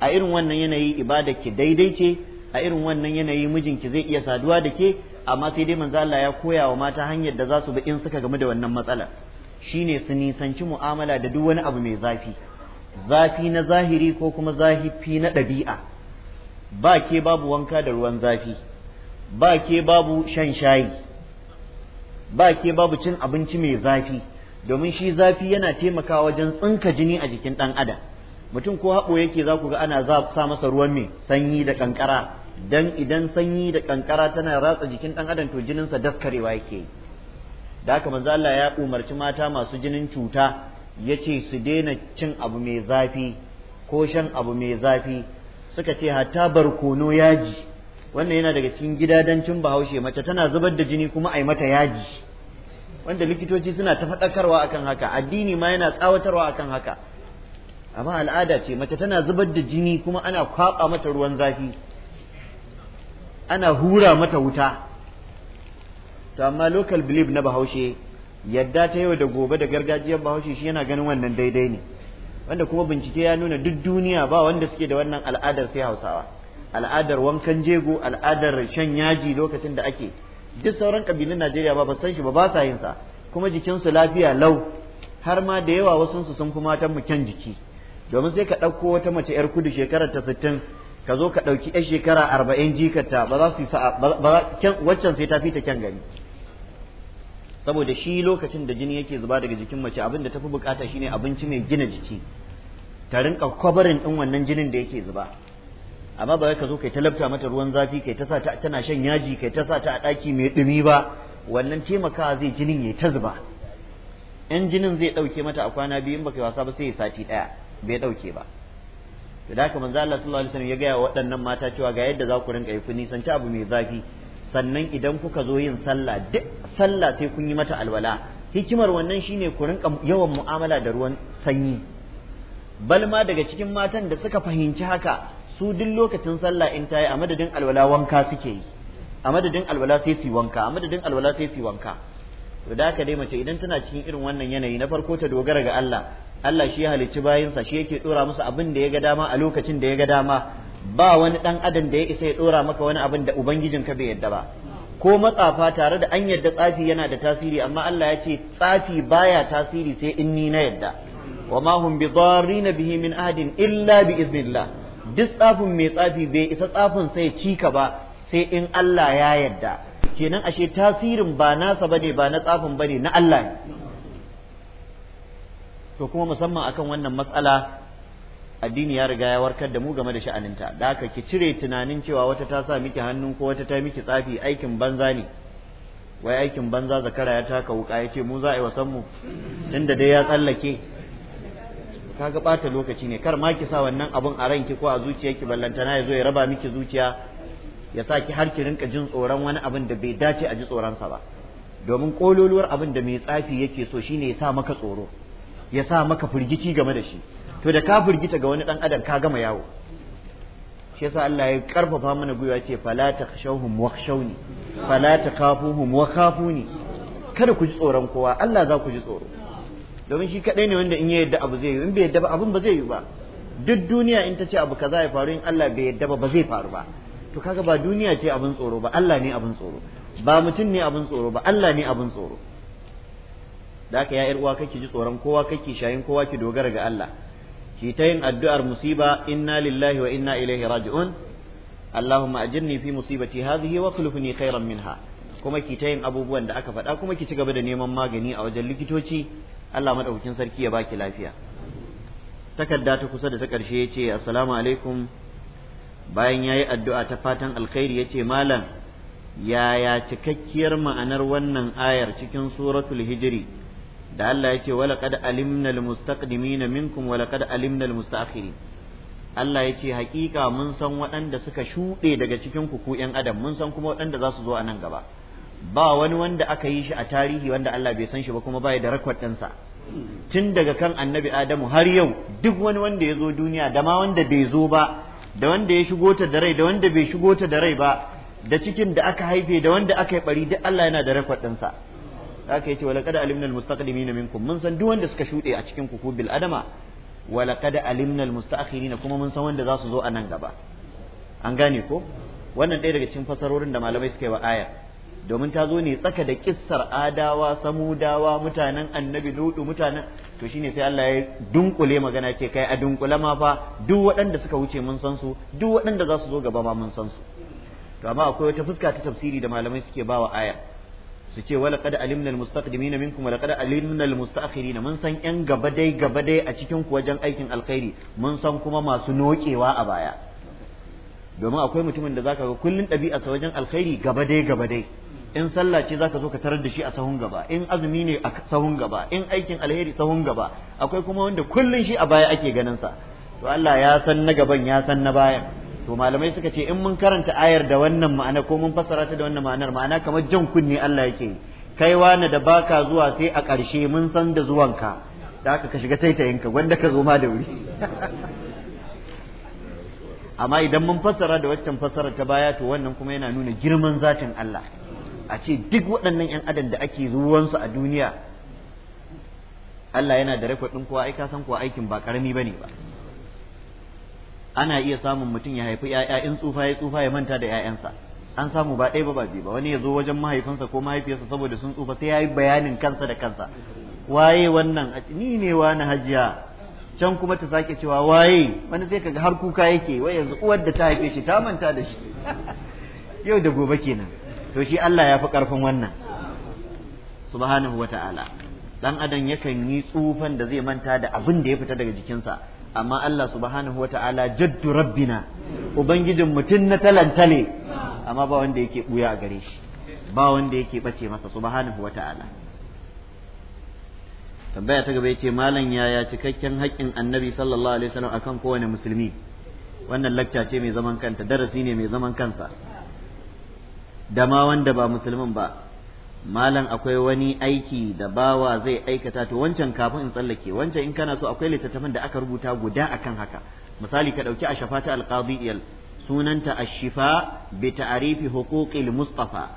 a irin wannan yanayi ibadar ki daidai ce a irin wannan yanayi mijinki zai iya saduwa da ke amma sai dai manzo Allah ya koya wa mata hanyar da za su bi in suka gamu da wannan matsalar shine su nisanci mu'amala da duk wani abu mai zafi zafi na zahiri ko kuma zafi na ɗabi'a ba ke babu wanka da ruwan zafi ba ke babu shan shayi ba ke babu cin abinci mai zafi domin shi zafi yana taimakawa wajen tsinka jini a jikin ɗan adam mutum ko haɓo yake za ku ga ana za sa masa ruwan mai sanyi da ƙanƙara, dan idan sanyi da ƙanƙara tana ratsa jikin ɗan adam to jininsa daskarewa yake yi da haka manzo Allah ya umarci mata masu jinin cuta ya ce su daina cin abu mai zafi ko shan abu mai zafi suka ce hatta barkono yaji wannan yana daga cikin gidadancin bahaushe mace tana zubar da jini kuma yi mata yaji wanda likitoci suna ta faɗakarwa akan haka addini ma yana tsawatarwa akan haka amma al'ada ce mace tana zubar da jini kuma ana kwaɓa mata ruwan zafi ana hura mata wuta to amma local belief na bahaushe yadda ta yau da gobe da gargajiyar bahaushe shi yana ganin wannan daidai ne wanda kuma bincike ya nuna duk duniya ba wanda suke da wannan al'adar sai hausawa al'adar wankan jego al'adar shan yaji lokacin da ake duk sauran kabilun najeriya ba ba san shi ba ba sa yin sa kuma jikinsu lafiya lau har ma da yawa wasunsu sun fi matan mu kyan jiki domin sai ka ɗauko wata mace 'yar kudu shekarar ta sittin ka zo ka ɗauki 'yar shekara arba'in jikarta ba za su yi sa'a waccan sai ta fi ta kyan gani saboda shi lokacin da jini yake zuba daga jikin mace abin da tafi bukata shine abinci mai gina jiki ta rinka kwabarin din wannan jinin da yake zuba amma ba ka zo kai talabta mata ruwan zafi kai ta sa ta tana shan yaji kai ta sa ta a daki mai dumi ba wannan taimakawa zai jinin ya ta zuba in jinin zai dauke mata a kwana biyu in baka wasa ba sai ya sati daya bai dauke ba to da haka manzo Allah sallallahu alaihi wasallam ya ga waɗannan mata cewa ga yadda za ku rinka yi ku nisanci abu mai zafi sannan idan kuka zo yin sallah duk sallah sai kun yi mata alwala hikimar wannan shine ku rinka yawan mu'amala da ruwan sanyi balma daga cikin matan da suka fahimci haka su duk lokacin sallah in ta yi a madadin alwala wanka suke yi a madadin alwala sai su wanka a madadin alwala sai su wanka to da dai mace idan tana cikin irin wannan yanayi na farko ta dogara ga Allah Allah shi ya halicci bayinsa shi yake dora musu abin da ya ga dama a lokacin da ya ga dama ba wani ɗan adam da ya isa ya ɗora maka wani abin da ubangijin ka bai yadda ba ko matsafa tare da an yadda tsafi yana da tasiri amma Allah ya ce tsafi baya tasiri sai in ni na yadda wa ma hum bi bihi min ahadin illa bi iznillah duk tsafin mai tsafi bai isa tsafin sai cika ba sai in Allah ya yadda kenan ashe tasirin ba nasa bane ba na tsafin bane na Allah ne to kuma musamman akan wannan matsala addini ya riga ya warkar da mu game da sha'aninta da haka ki cire tunanin cewa wata ta sa miki hannu ko wata ta miki tsafi aikin banza ne wai aikin banza zakara ya taka wuka ya ce mu za a yi wasan mu tunda dai ya tsallake kaga ɓata lokaci ne kar ma ki sa wannan abun a ranki ko a zuciyarki ballantana ya zo ya raba miki zuciya ya sa ki har ki rinka jin tsoron wani abin da bai dace a ji tsoronsa ba domin kololuwar abin da mai tsafi yake so shine ya sa maka tsoro ya sa maka firgici game da shi to da ka firgita ga wani dan adam ka gama yawo shi yasa Allah ya karfafa mana gwiwa ce fala takhshawhum wakhshawni fala takhafuhum wa khafuni kada ku ji tsoron kowa Allah za ku ji tsoro domin shi kadai ne wanda in ya yadda abu zai yi in bai yadda ba abun ba zai yi ba duk duniya in ta ce abu kaza ya faru in Allah bai yadda ba ba zai faru ba to kaga ba duniya ce abin tsoro ba Allah ne abin tsoro ba mutum ne abin tsoro ba Allah ne abin tsoro da haka ya uwa kake ji tsoron kowa kake shayin kowa ki dogara ga Allah ki ta addu'ar musiba inna lillahi wa inna ilaihi raji'un Allahumma ajirni fi musibati hadhihi ne khulufni khairan minha kuma ki ta yin abubuwan da aka faɗa kuma ki cigaba da neman magani a wajen likitoci Allah madaukakin sarki ya baki lafiya takarda ta kusa da ta ƙarshe yace assalamu alaikum bayan yayi addu'a ta fatan alkhairi yace malam yaya cikakkiyar ma'anar wannan ayar cikin suratul hijiri? da Allah ya ce walaqad alimna almustaqdimina minkum walaqad alimna almustaakhirin Allah ya ce hakika mun san waɗanda suka shuɗe daga cikin ku ku ƴan adam mun san kuma waɗanda za su zo a nan gaba ba wani wanda aka yi shi a tarihi wanda Allah bai san shi ba kuma bai da rakwat ɗinsa tun daga kan annabi Adamu har yau duk wani wanda ya zo duniya da ma wanda bai zo ba da wanda ya shigo ta da rai da wanda bai shigo ta da rai ba da cikin da aka haife da wanda aka yi bari duk Allah yana da rakwat ɗinsa haka yace wala qad alimna almustaqdimina minkum mun san duk wanda suka shude a cikin ku ko bil adama wala qad alimna almustaakhirin kuma mun san wanda za su zo a nan gaba an gane ko wannan ɗaya daga cikin fasarorin da malamai suka yi wa aya domin ta zo ne tsaka da kissar adawa samudawa mutanen annabi lutu mutanen to shine sai Allah ya dunkule magana ce kai a dunkule ma fa duk waɗanda suka wuce mun san su duk waɗanda za su zo gaba ma mun san su to amma akwai wata fuska ta tafsiri da malamai suke bawa aya su ce wala qad alimna almustaqdimina minkum wala qad alimna almustaakhirin mun san yan gaba dai gaba dai a cikin ku wajen aikin alkhairi mun san kuma masu nokewa a baya domin akwai mutumin da zaka ga kullun ɗabi'asa wajen alkhairi gaba dai gaba dai in sallah ce zaka zo ka tarar da shi a sahun gaba in azumi ne a sahun gaba in aikin alheri sahun gaba akwai kuma wanda kullun shi a baya ake ganin sa to Allah ya san na gaban ya san na bayan to malamai suka ce in mun karanta ayar da wannan ma'ana ko mun fassara ta da wannan ma'anar ma'ana kamar jan kunne Allah yake kai wani da baka zuwa sai a ƙarshe mun san da zuwanka da haka ka shiga taitayinka gwanda ka zo ma da wuri amma idan mun fassara da waccan fassara ta baya to wannan kuma yana nuna girman zatin Allah a ce duk waɗannan ƴan adam da ake zuwansu a duniya Allah yana da rekod ɗin kowa ai ka san kuwa aikin ba karami bane ba ana iya samun mutum ya haifi ƴaƴa in tsufa ya tsufa ya manta da 'ya'yansa an samu ba ɗaya ba ba ba wani ya zo wajen mahaifinsa ko mahaifiyarsa saboda sun tsufa sai ya yi bayanin kansa da kansa waye wannan a ni ne wa na hajiya can kuma ta sake cewa waye wani sai kaga har kuka yake wai yanzu uwar da ta haife shi ta manta da shi yau da gobe kenan to shi Allah ya fi karfin wannan subhanahu wata'ala dan adam yakan yi tsufan da zai manta da abin da ya fita daga jikinsa amma Allah subhanahu wa ta'ala jaddu rabbina ubangijin mutum na talantale amma ba wanda yake buya a gare shi ba wanda yake bace masa subhanahu wa ta'ala tambaya ta gaba yace malam yaya cikakken haƙƙin annabi sallallahu alaihi wasallam akan kowane musulmi wannan lakta ce mai zaman kanta darasi ne mai zaman kansa da ma wanda ba musulmin ba malam akwai wani aiki da bawa zai aikata to wancan kafin in tsallake wancan in kana so akwai littattafan da aka rubuta guda akan haka misali ka ɗauki ashafata shafa alqadiyal sunanta ashifa bi ta'rifi huquqil mustafa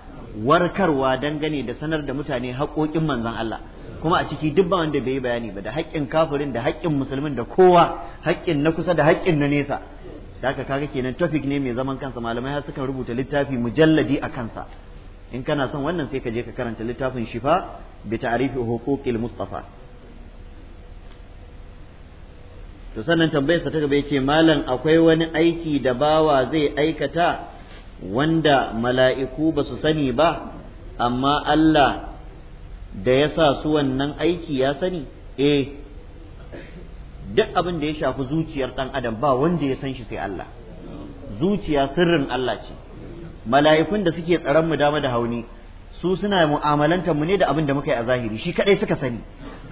warkarwa dangane da sanar da mutane haƙoƙin manzon Allah kuma a ciki duk ba wanda bai bayani ba da haƙƙin kafirin da haƙƙin musulmin da kowa haƙƙin na kusa da haƙƙin na nesa da haka kaga kenan topic ne mai zaman kansa malamai har suka rubuta littafi mujalladi a kansa in kana son wannan sai ka je ka karanta littafin shifa bi ta'rifi huquqil mustafa to sannan tambayar sa ta gaba yace malam akwai wani aiki da bawa zai aikata wanda mala'iku ba su sani ba amma Allah da ya sa su wannan aiki ya sani eh duk abin da ya shafi zuciyar ɗan adam ba wanda ya san shi sai Allah zuciya sirrin Allah ce mala'ikun da suke tsaron mu dama da hauni su suna mu'amalantar mu ne da abin da muka yi a zahiri shi kadai suka sani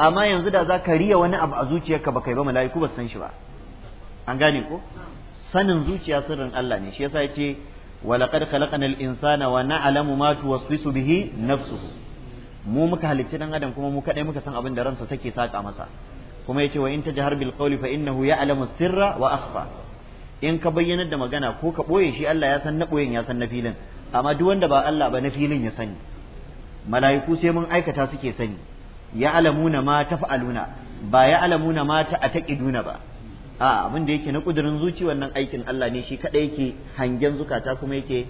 amma yanzu da za ka riya wani abu a zuciyarka ba kai ba mala'iku ba san shi ba an gane ko sanin zuciya sirrin Allah ne shi yasa yace walaqad khalaqnal insana wa na'lamu ma tuwaswisu bihi nafsuhu mu muka halicci dan adam kuma mu kadai muka san abin da ransa take saka masa kuma yace wa in tajhar bil qawli fa innahu ya'lamu sirra wa akhfa in ka bayyanar da magana ko ka ɓoye shi Allah ya san na ɓoyen ya san na filin amma duk wanda ba Allah ba na filin ya sani mala'iku sai mun aikata suke sani ya alamuna ma taf'aluna ba ya alamuna ma ta ataqiduna ba a abin da yake na kudirin zuci wannan aikin Allah ne shi kaɗai yake hangen zukata kuma yake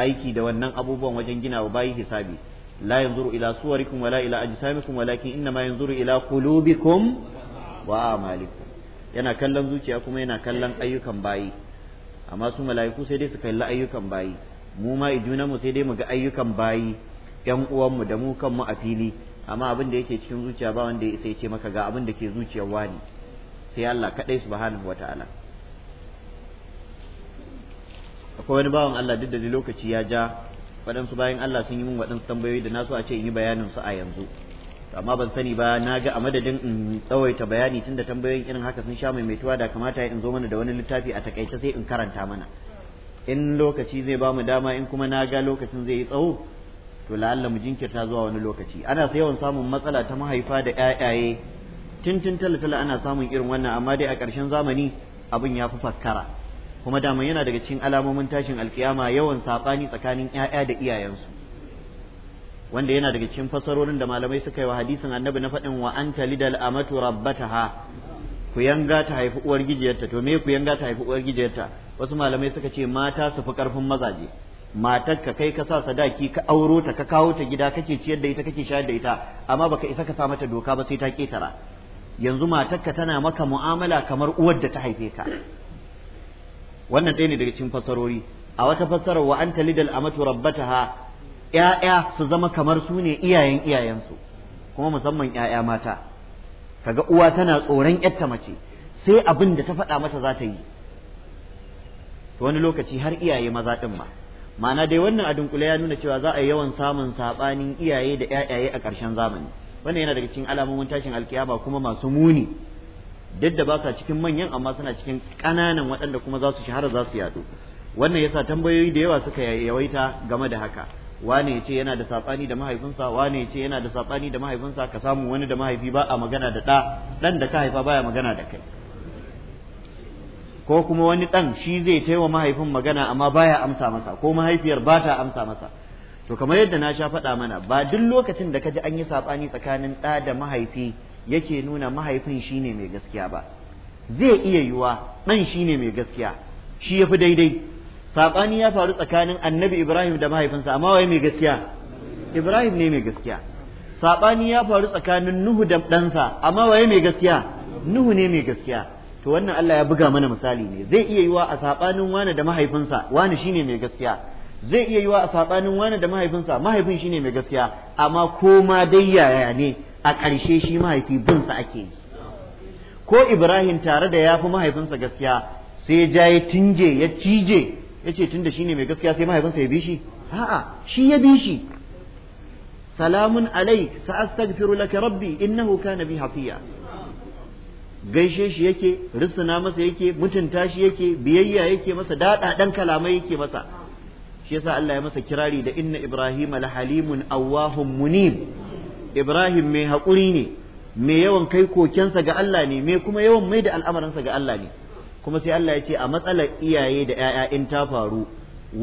aiki da wannan abubuwan wajen gina wa bayi hisabi la yanzuru ila suwarikum wala ila ajsamikum walakin inna ma yanzuru ila qulubikum wa amalikum yana kallon zuciya kuma yana kallon ayyukan bayi amma su mala'iku sai dai su kalli ayyukan bayi mu ma mu sai dai mu ga ayyukan bayi yan uwanmu da mu kanmu a fili amma abin da yake cikin zuciya ba wanda ya isa ya ce maka ga abin da ke zuciyar wani sai Allah kadai subhanahu wataala akwai wani bawan Allah duk da lokaci ya ja waɗansu bayan Allah sun yi min waɗansu tambayoyi da nasu a ce in yi bayanin su a yanzu amma ban sani ba na ga a madadin in tsawaita bayani tunda tambayoyin irin haka sun sha maimaituwa da kamata in zo mana da wani littafi a takaice sai in karanta mana in lokaci zai ba mu dama in kuma na ga lokacin zai yi tsawo to la'alla mu jinkirta zuwa wani lokaci ana yawan samun matsala ta mahaifa da ƴaƴaye tala talatala ana samun irin wannan amma dai a ƙarshen zamani abin ya fi faskara kuma dama yana daga cikin alamomin tashin alkiyama yawan saɓani tsakanin ƴaƴa da iyayensu wanda yana daga cikin fasarorin da malamai suka yi wa hadisin annabi na faɗin wa anta lidal amatu rabbataha ku yanga ta haifi uwar gijiyarta to me ku yanga ta haifi uwar gijiyarta wasu malamai suka ce mata su fi karfin mazaje matar ka kai ka sa sadaki ka auro ta ka kawo ta gida kake ciyar da ita kake shayar da ita amma baka isa ka sa mata doka ba sai ta ketara yanzu matar tana maka mu'amala kamar uwar da ta haife ka wannan ɗaya ne daga cikin fasarori a wata fassarar wa anta lidal amatu rabbataha 'ya'ya su zama kamar su ne iyayen iyayensu kuma musamman 'ya'ya mata kaga uwa tana tsoron 'yarta mace sai abin da ta faɗa mata za ta yi to wani lokaci har iyaye maza ɗin ma ma'ana dai wannan a dunkule ya nuna cewa za a yi yawan samun saɓanin iyaye da 'ya'yaye a ƙarshen zamani wannan yana daga cikin alamomin tashin alkiyama kuma masu muni duk da ba sa cikin manyan amma suna cikin ƙananan waɗanda kuma za su shahara za su yaɗu wannan yasa tambayoyi da yawa suka yawaita game da haka wane ya ce yana da saɓani da mahaifinsa wane ya ce yana da saɓani da mahaifinsa ka samu wani da mahaifi ba a magana da ɗa ɗan da ka haifa baya magana da kai ko kuma wani ɗan shi zai taiwa mahaifin magana amma baya amsa masa ko mahaifiyar ba ta amsa masa to kamar yadda na sha faɗa mana ba duk lokacin da ka ji an yi saɓani tsakanin ɗa da mahaifi yake nuna mahaifin shine mai gaskiya ba zai iya yiwa ɗan shine mai gaskiya shi ya fi daidai Saɓani ya faru tsakanin annabi Ibrahim da mahaifinsa amma waye mai gaskiya Ibrahim ne mai gaskiya Saɓani ya faru tsakanin Nuhu da ɗansa amma waye mai gaskiya Nuhu ne mai gaskiya to wannan Allah ya buga mana misali ne zai iya yiwa a saɓanin wane da mahaifinsa wani shine mai gaskiya zai iya yiwa a saɓanin wane da mahaifinsa mahaifin shine mai gaskiya amma ko ma dai yaya ne a ƙarshe shi mahaifi binsa ake yi ko Ibrahim tare da ya fi mahaifinsa gaskiya sai ya ja ya tinge ya cije yace tunda shine mai gaskiya sai mahaifinsa ya bi shi a'a shi ya bi shi salamun alai sa'astaghfiru laka rabbi innahu kana bi hafiya gaishe shi yake risuna masa yake mutunta shi yake biyayya yake masa dada dan kalamai yake masa shi yasa Allah ya masa kirari da inna ibrahima la halimun awwahum munib ibrahim mai haƙuri ne mai yawan kai kokensa ga Allah ne mai kuma yawan mai da al'amarinsa ga Allah ne kuma sai Allah ya ce a matsalar iyaye da ‘ya'ya in ta faru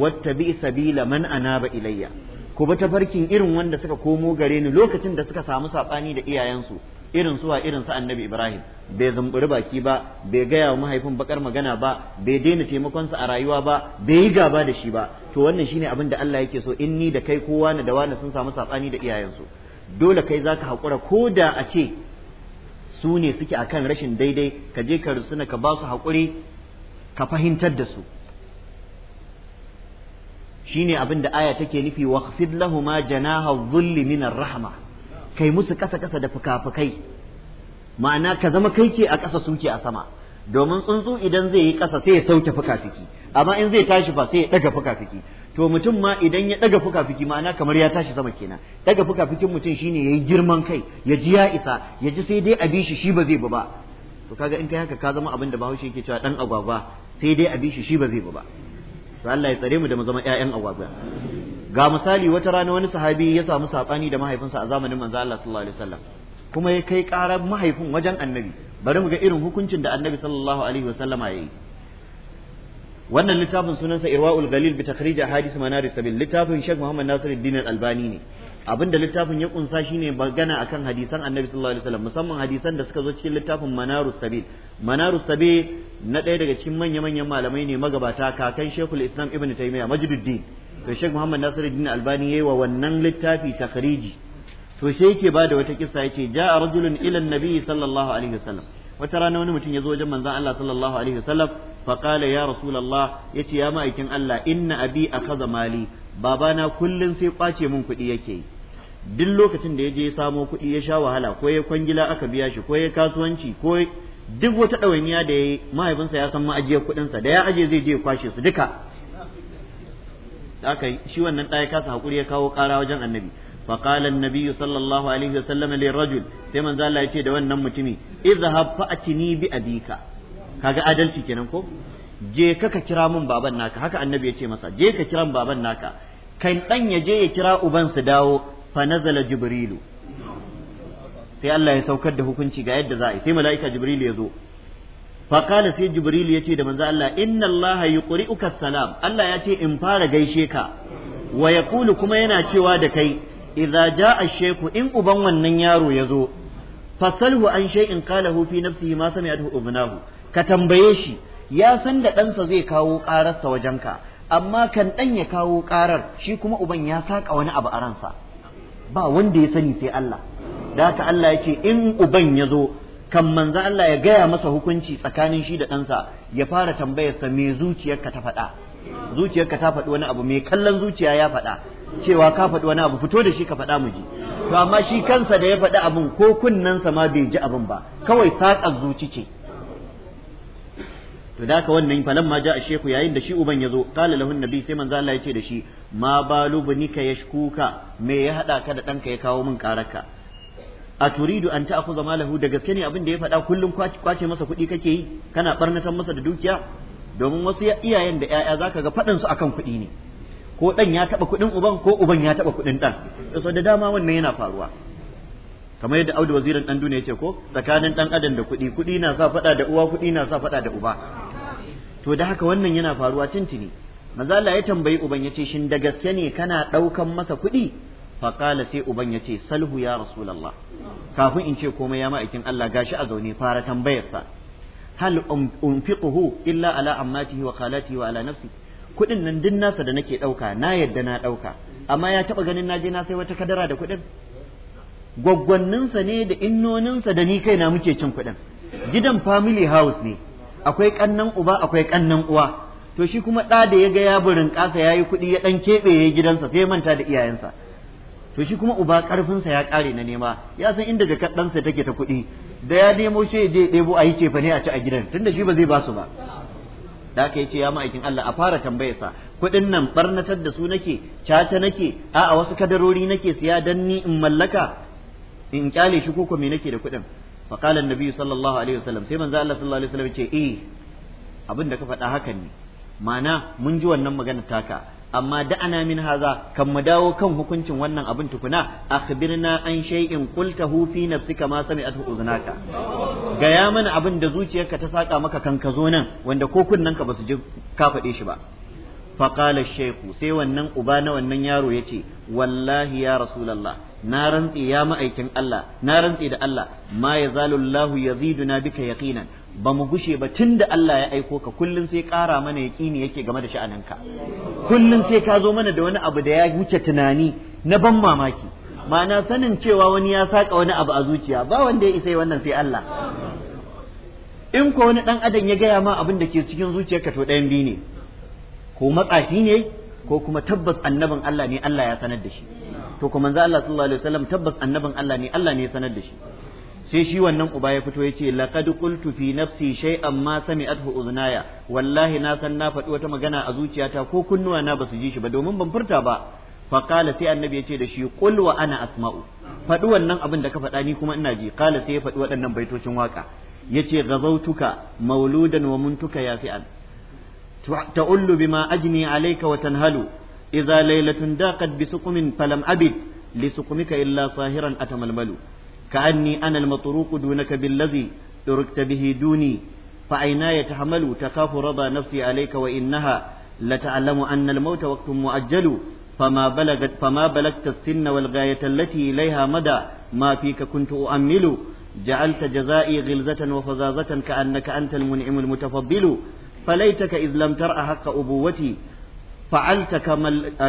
wata bi sabila man anaba ilayya ku bi farkin irin wanda suka komo gare ni lokacin da suka samu saɓani da iyayensu irin suwa irin su annabi ibrahim bai zumburi baki ba bai gaya wa mahaifin bakar magana ba bai daina taimakonsa a rayuwa ba bai yi gaba da shi ba to wannan shine abin da Allah yake so in ni da kai kowa na da wani sun samu sabani da iyayensu dole kai zaka hakura ko da a ce su ne suke akan rashin daidai ka je ka rusuna ka ba su haƙuri ka fahimtar da su shine abin da aya take nufi waqfid lahuma janaha dhulli min rahma kai musu ƙasa kasa da fukafukai ma'ana ka zama kai ce a ƙasa suke a sama domin tsuntsu idan zai yi ƙasa sai ya sauke fukafiki amma in zai tashi fa sai ya ɗaga fukafiki to mutum ma idan ya daga fuka-fiki ma'ana kamar ya tashi sama kenan daga fuka-fikin mutum shine yi girman kai ya ji ya isa ya ji sai dai a bi shi shi ba zai ba to kaga in kai haka ka zama abin da Bahaushe yake cewa dan agwagwa sai dai a bi shi shi ba zai ba to Allah ya tsare mu da mu zama ƴaƴan agwagwa ga misali wata rana wani sahabi ya samu sabani da mahaifinsa a zamanin manzo Allah sallallahu alaihi wasallam kuma ya kai karar mahaifin wajen annabi bari mu ga irin hukuncin da annabi sallallahu alaihi wasallama yayi wannan littafin sunansa irwa'ul galil bi takhrij ahadith manar sabil littafin Sheikh Muhammad Nasiruddin Al-Albani ne abinda littafin ya kunsa shine magana akan hadisan Annabi sallallahu alaihi wasallam musamman hadisan da suka zo cikin littafin Manarus Sabil Manarus Sabil na ɗaya daga cikin manya-manyan malamai ne magabata kakan Sheikhul Islam Ibn Taymiyyah Majduddin to Sheikh Muhammad Nasiruddin Albani yayi wa wannan littafi takhriji to sai yake bada wata kissa yace ja'a rajulun ila an-nabi sallallahu alaihi wasallam wata rana wani mutum ya zo wajen manzon Allah sallallahu alaihi wasallam fa qala ya rasulullah yace ya ma'aikin Allah inna abi akhadha mali babana kullun sai kwace min kuɗi yake yi duk lokacin da ya je ya samo kuɗi ya sha wahala ko ya kwangila aka biya shi ko ya kasuwanci ko duk wata ɗawainiya da ya yi mahaifinsa ya san ma'ajiyar kuɗinsa da ya aje zai je ya kwashe su duka aka shi wannan ɗaya kasa haƙuri ya kawo ƙara wajen annabi فقال النبي صلى الله عليه وسلم للرجل sai manzo Allah ya ce da wannan mutumi izhab fa'tini bi abika kaga adalci kenan ko je ka ka kira mun baban naka haka annabi ya ce masa je ka kira baban naka kan dan ya je ya kira uban su dawo fa nazala jibrilu sai Allah ya saukar da hukunci ga yadda za a yi sai mala'ika jibrilu ya zo fa sai jibrilu ya ce da manzo Allah inna Allah yuqri'uka salam Allah ya ce in fara gaishe ka wa Kulu kuma yana cewa da kai idza jaa shaykhu in uban wannan yaro ya zo fasalhu an shay'in qalahu fi nafsihi ma sami'athu ubnahu ka tambaye shi ya san da ɗansa zai kawo ƙararsa ka amma kan ɗan ya kawo ƙarar shi kuma uban ya saƙa wani abu a ransa ba wanda ya sani sai Allah da haka Allah yake in uban ya zo kan manzo Allah ya gaya masa hukunci tsakanin shi da ɗansa ya fara tambayarsa me zuciyarka ta faɗa zuciyarka ta faɗi wani abu mai kallon zuciya ya faɗa cewa ka faɗi wani abu fito da shi ka faɗa mu ji to amma shi kansa da ya faɗi abun ko kunnensa ma bai ji abun ba kawai saƙar zuci ce to da wannan falan ma ja a sheku yayin da shi uban ya zo kala lahun nabi sai manzo Allah ya ce da shi ma balu bunika yashkuka me ya hada ka da danka ya kawo min karaka a turidu an ta'khudha malahu da gaske ne abin da ya faɗa kullum kwace masa kuɗi kake yi kana barnatan masa da dukiya domin wasu iyayen da za zaka ga faɗin su akan kuɗi ne ko ɗan ya taɓa kuɗin uban ko uban ya taɓa kuɗin ɗan so da dama wannan yana faruwa kamar yadda Audu wazirin ɗan duniya ce ko tsakanin ɗan adam da kuɗi kuɗi na sa faɗa da uwa kuɗi na sa faɗa da uba to da haka wannan yana faruwa tintini maza ya tambayi uban ya ce, shin da gaske ne kana ɗaukan masa kuɗi faƙala sai uban ya ce salhu ya rasulallah kafin in ce komai ya ma'aikin Allah gashi a zaune fara tambayarsa hal unfiquhu illa ala ammatihi wa khalatihi wa ala nafsi kuɗin nan din nasa da nake ɗauka na yadda na ɗauka amma ya taɓa ganin na je na sai wata kadara da kuɗin gwaggwanninsa ne da innoninsa da ni kai na muke cin kuɗin gidan family house ne akwai ƙannan uba akwai ƙannan uwa to shi kuma ɗa da ya ga ya burin yayi ya yi kuɗi ya ɗan keɓe ya gidansa sai manta da iyayensa to shi kuma uba ƙarfinsa ya kare na nema ya san inda jakar ɗansa take ta kuɗi da ya nemo shi je ɗebo a yi cefa ne a ci a gidan tunda shi ba zai ba su ba da aka yi ce ya ma'aikin Allah a fara sa kuɗin nan ɓarnatar da su nake caca nake a'a wasu kadarori nake siya dan ni in mallaka in kyale shi koko me nake da kuɗin fa qala annabi sallallahu alaihi wasallam sai manzo Allah sallallahu alaihi wasallam ce eh abin da ka faɗa hakan ne ma'ana mun ji wannan magana taka amma ana min haza kan mu dawo kan hukuncin wannan abin tukuna akhbirna an shay'in qultahu fi nafsika ma sami'atu uznaka gaya mana abin da zuciyarka ta saka maka kan ka zo nan wanda ko kunnanka basu ji ka faɗe shi ba fa qala sai wannan uba na wannan yaro yace wallahi ya rasulullah na rantsi ya ma'aikin Allah na rantsi da Allah ma yazalu Allahu yaziduna bika yaqinan ba mu gushe ba tun da Allah ya aiko ka kullum sai ƙara mana yaƙini yake game da sha'aninka kullum sai ka zo mana da wani abu da ya wuce tunani na ban mamaki ma'ana sanin cewa wani ya saƙa wani abu a zuciya ba wanda ya isa wannan sai Allah in ko wani ɗan adam ya gaya ma abin da ke cikin zuciyarka to ɗayan biyu ne ko matsafi ne ko kuma tabbas annabin Allah ne Allah ya sanar da shi to kuma manzo Allah sallallahu alaihi wasallam tabbas annabin Allah ne Allah ne ya sanar da shi sai shi wannan uba ya fito ya ce laqad qultu fi nafsi amma sami sami'athu uznaya wallahi na san na faɗi wata magana a zuciyata ko kunnuwa na basu ji shi ba domin ban furta ba fa qala sai annabi ya ce da shi qul wa ana asma'u faɗi wannan abin da ka faɗa ni kuma ina ji qala sai ya faɗi waɗannan baitocin waka yace gazautuka mauludan wa muntuka yafi'an ta'ullu bima ajni alayka wa tanhalu idza laylatun daqat bi suqmin falam abid li suqmika illa sahiran atamalmalu كأني أنا المطروق دونك بالذي تركت به دوني فعيناي تحمل تخاف رضا نفسي عليك وإنها لتعلم أن الموت وقت مؤجل فما بلغت فما بلغت السن والغاية التي إليها مدى ما فيك كنت أؤمل جعلت جزائي غلزة وفزازة كأنك أنت المنعم المتفضل فليتك إذ لم ترأ حق أبوتي فعلت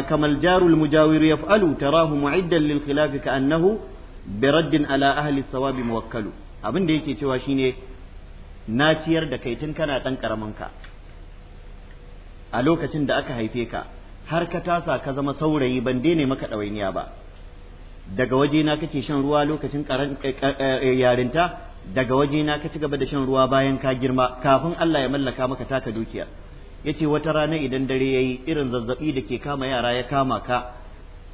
كما الجار المجاور يفعل تراه معدا للخلاف كأنه biraddin ala ahli sawabi muwakkalu abin da yake cewa shine na ciyar da kai tun kana dan karamin ka a lokacin da aka haife ka har ka tasa ka zama saurayi ban daina maka ɗawainiya ba daga wajena kake shan ruwa lokacin eh, eh, eh, yarinta daga wajena ka ci gaba da shan ruwa bayan ka girma kafin Allah ya mallaka maka taka dukiya yace wata rana idan dare yayi irin zazzabi da ke kama yara ya kama ka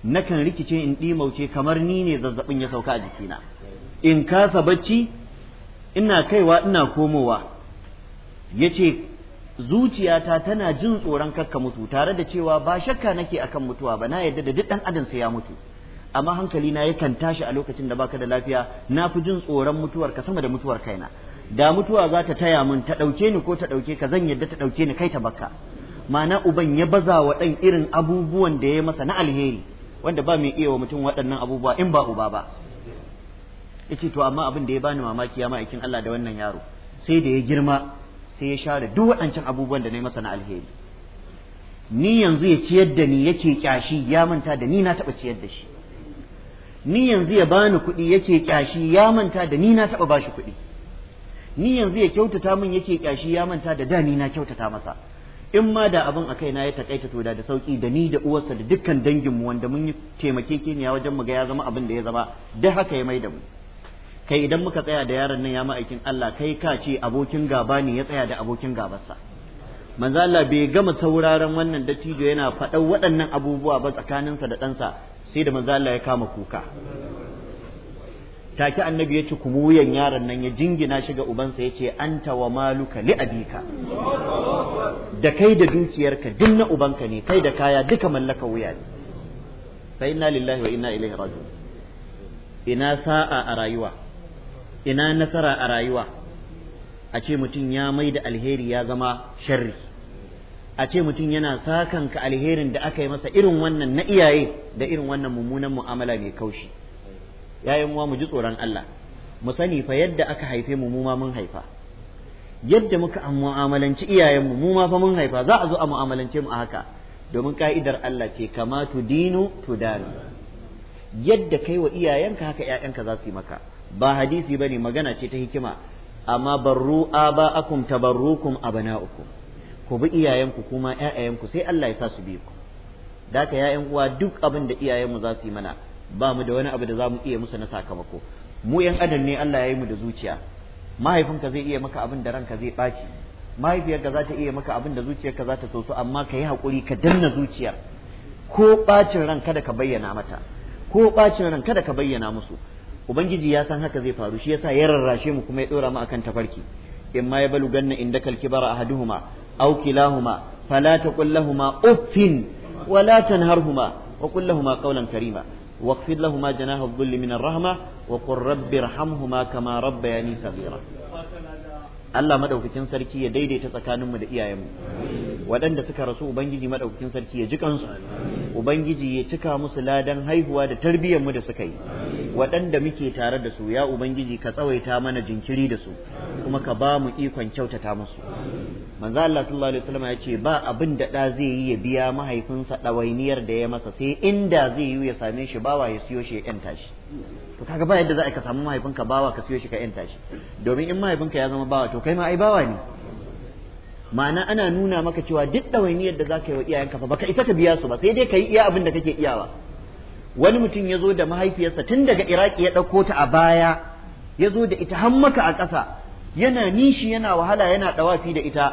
nakan rikice in ɗimauce kamar ni ne zazzabin ya sauka a jikina in kasa bacci ina kaiwa ina komowa ya ce zuciyata tana jin tsoron kakka mutu tare da cewa ba shakka nake akan mutuwa ba na yadda da duk ɗan adam sai ya mutu amma hankali na yakan tashi a lokacin da baka da lafiya na fi jin tsoron mutuwar ka sama da mutuwar kaina da mutuwa za ta taya mun ta ɗauke ni ko ta ɗauke ka zan yadda ta ɗauke ni kai ta bakka ma'ana uban ya baza wa ɗan irin abubuwan da ya yi masa na alheri wanda ba mai iya wa mutum waɗannan abubuwa in ba uba ba yace to amma abin da ya bani mamaki ya ma'aikin Allah da wannan yaro sai da ya girma sai ya share duk waɗancan abubuwan da na yi masa na alheri ni yanzu ya ciyar da ni yake kyashi ya manta da ni na taɓa ciyar da shi ni yanzu ya bani kuɗi yake kyashi ya manta da ni na taɓa bashi kuɗi ni yanzu ya kyautata min yake kyashi ya manta da da ni na kyautata masa in ma da abin a kaina ya takaita to da da sauki da ni da uwarsa da dukkan danginmu wanda mun yi taimakekeniya wajen mu ga ya zama abin da ya zama da haka ya mai da mu kai idan muka tsaya da yaron nan ya ma'aikin Allah kai ka ce abokin gaba ne ya tsaya da abokin gabarsa manzo Allah bai gama sauraron wannan dattijo yana faɗan waɗannan abubuwa ba tsakaninsa da ɗansa sai da manzo Allah ya kama kuka take annabi ya ci wuyan yaron nan ya jingina shi ga ubansa ya ce anta wa maluka li abika da kai da dukiyarka duk na ubanka ne kai da kaya duka mallaka wuya ne fa inna lillahi wa inna ilaihi raji'un ina sa'a a rayuwa ina nasara a rayuwa a ce mutum ya mai da alheri ya zama sharri a ce mutum yana sakan ka alherin da aka yi masa irin wannan na iyaye da irin wannan mummunan mu'amala mai kaushi yayin uwa mu ji tsoron Allah mu sani fa yadda aka haife mu mu ma mun haifa yadda muka mu'amalanci iyayenmu mu ma fa mun haifa za a zo a mu'amalance mu a haka domin ka'idar Allah ce kama tu dinu tu dani. yadda kai wa iyayenka haka ƴaƴanka za su yi maka ba hadisi bane magana ce ta hikima amma barru aba'akum tabarrukum abana'ukum ku bi iyayenku kuma ƴaƴayenku sai Allah ya sa su bi ku daka ƴaƴan uwa duk abin da iyayenmu za su yi mana ba mu da wani abu da za mu iya musu na sakamako mu yan adam ne Allah ya yi mu da zuciya mahaifinka zai iya maka abin da ranka zai ɓaci mahaifiyarka za ta iya maka abin da zuciyarka za ta so su amma ka yi haƙuri ka danna zuciyar ko ɓacin ran kada ka bayyana mata ko ɓacin ran kada ka bayyana musu ubangiji ya san haka zai faru shi yasa ya rarrashe mu kuma ya ɗora mu akan tafarki in ma ya balu ganna inda kalkibara ahaduhuma aw kilahuma fala taqul lahumā uffin wala tanharhuma wa kullahuma qawlan karima واغفر لهما جناه الذل من الرحمة وقل رب ارحمهما كما ربياني صغيرا Allah madaukakin sarki ya daidaita tsakaninmu da iyayenmu waɗanda suka rasu ubangiji madaukakin sarki ya ji kansu ubangiji ya cika musu ladan haihuwa da tarbiyyarmu da suka yi waɗanda muke tare da su ya ubangiji ka tsawaita mana jinkiri da su kuma ka ba mu ikon kyautata musu manzo Allah sallallahu alaihi wasallam ya ce ba abin da da zai yi ya biya mahaifinsa ɗawainiyar da ya masa sai inda zai yi ya same shi bawa ya siyo shi ya yanta shi to kaga ba yadda za ka samu mahaifinka bawa ka siyo shi ka yanta shi domin in mahaifinka ya zama bawa to kai ma ai bawa ne ma'ana ana nuna maka cewa duk ɗawainiyar da za ka yi wa iyayenka fa baka isa ka biya su ba sai dai ka yi iya abin da kake iyawa wani mutum ya zo da mahaifiyarsa tun daga iraki ya ɗauko ta a baya ya zo da ita har maka a ƙasa yana nishi yana wahala yana ɗawafi da ita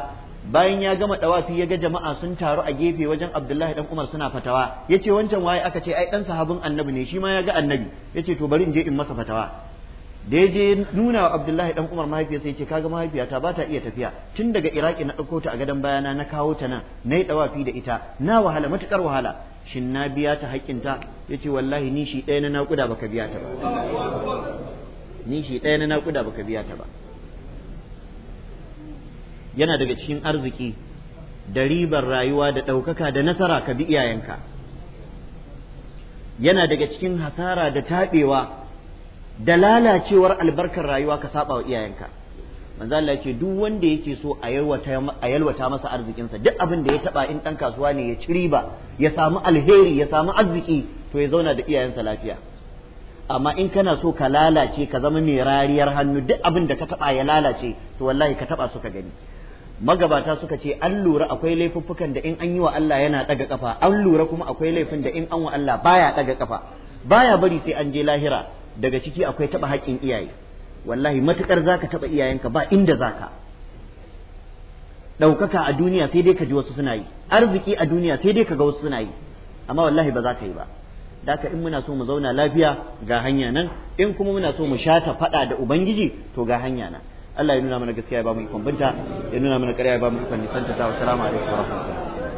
bayan ya gama dawafi ya ga jama'a sun taru a gefe wajen Abdullahi dan Umar suna fatawa yace wancan waye aka ce ai dan sahabin annabi ne shi ma ya ga annabi yace to bari in je in masa fatawa da ya je nuna wa Abdullahi dan Umar mahaifiyarsa yace kaga mahaifiyata ba ta iya tafiya tun daga Iraki na ɗauko ta a gadon bayana na kawo ta nan na yi ɗawafi da ita na wahala matukar wahala shin na biya ta haƙƙinta yace wallahi ni shi ɗaya na naƙuda baka biya ta ba ni shi ɗaya na nakuda baka biya ta ba yana daga cikin arziki da ribar rayuwa da ɗaukaka da nasara ka bi iyayenka yana daga cikin hasara da taɓewa da lalacewar albarkar rayuwa ka saba wa iyayenka manzo Allah yake duk wanda yake so a yalwata a yalwata masa arzikinsa duk abin da ya taba in dan kasuwa ne ya ci riba ya samu alheri ya samu arziki to ya zauna da iyayensa lafiya amma in kana so ka lalace ka zama mai rariyar hannu duk abin da ka taba ya lalace to wallahi ka taba su ka gani magabata suka ce an lura akwai laifuffukan da in an yi wa Allah yana ɗaga kafa an lura kuma akwai laifin da in an wa Allah baya ɗaga kafa baya bari sai an je lahira daga ciki akwai taba haƙƙin iyaye wallahi matukar zaka taɓa iyayenka ba inda zaka ɗaukaka a duniya sai dai ka ji wasu suna yi arziki a duniya sai dai ka ga wasu suna yi amma wallahi ba za ka yi ba daka in muna so mu zauna lafiya ga hanya nan in kuma muna so mu sha ta faɗa da ubangiji to ga hanya nan Allah ya nuna mana gaskiya ya ba mu ikon binta ya nuna mana ƙarya ya ba mu ikon nisanta ta wa salamu alaikum wa rahmatullahi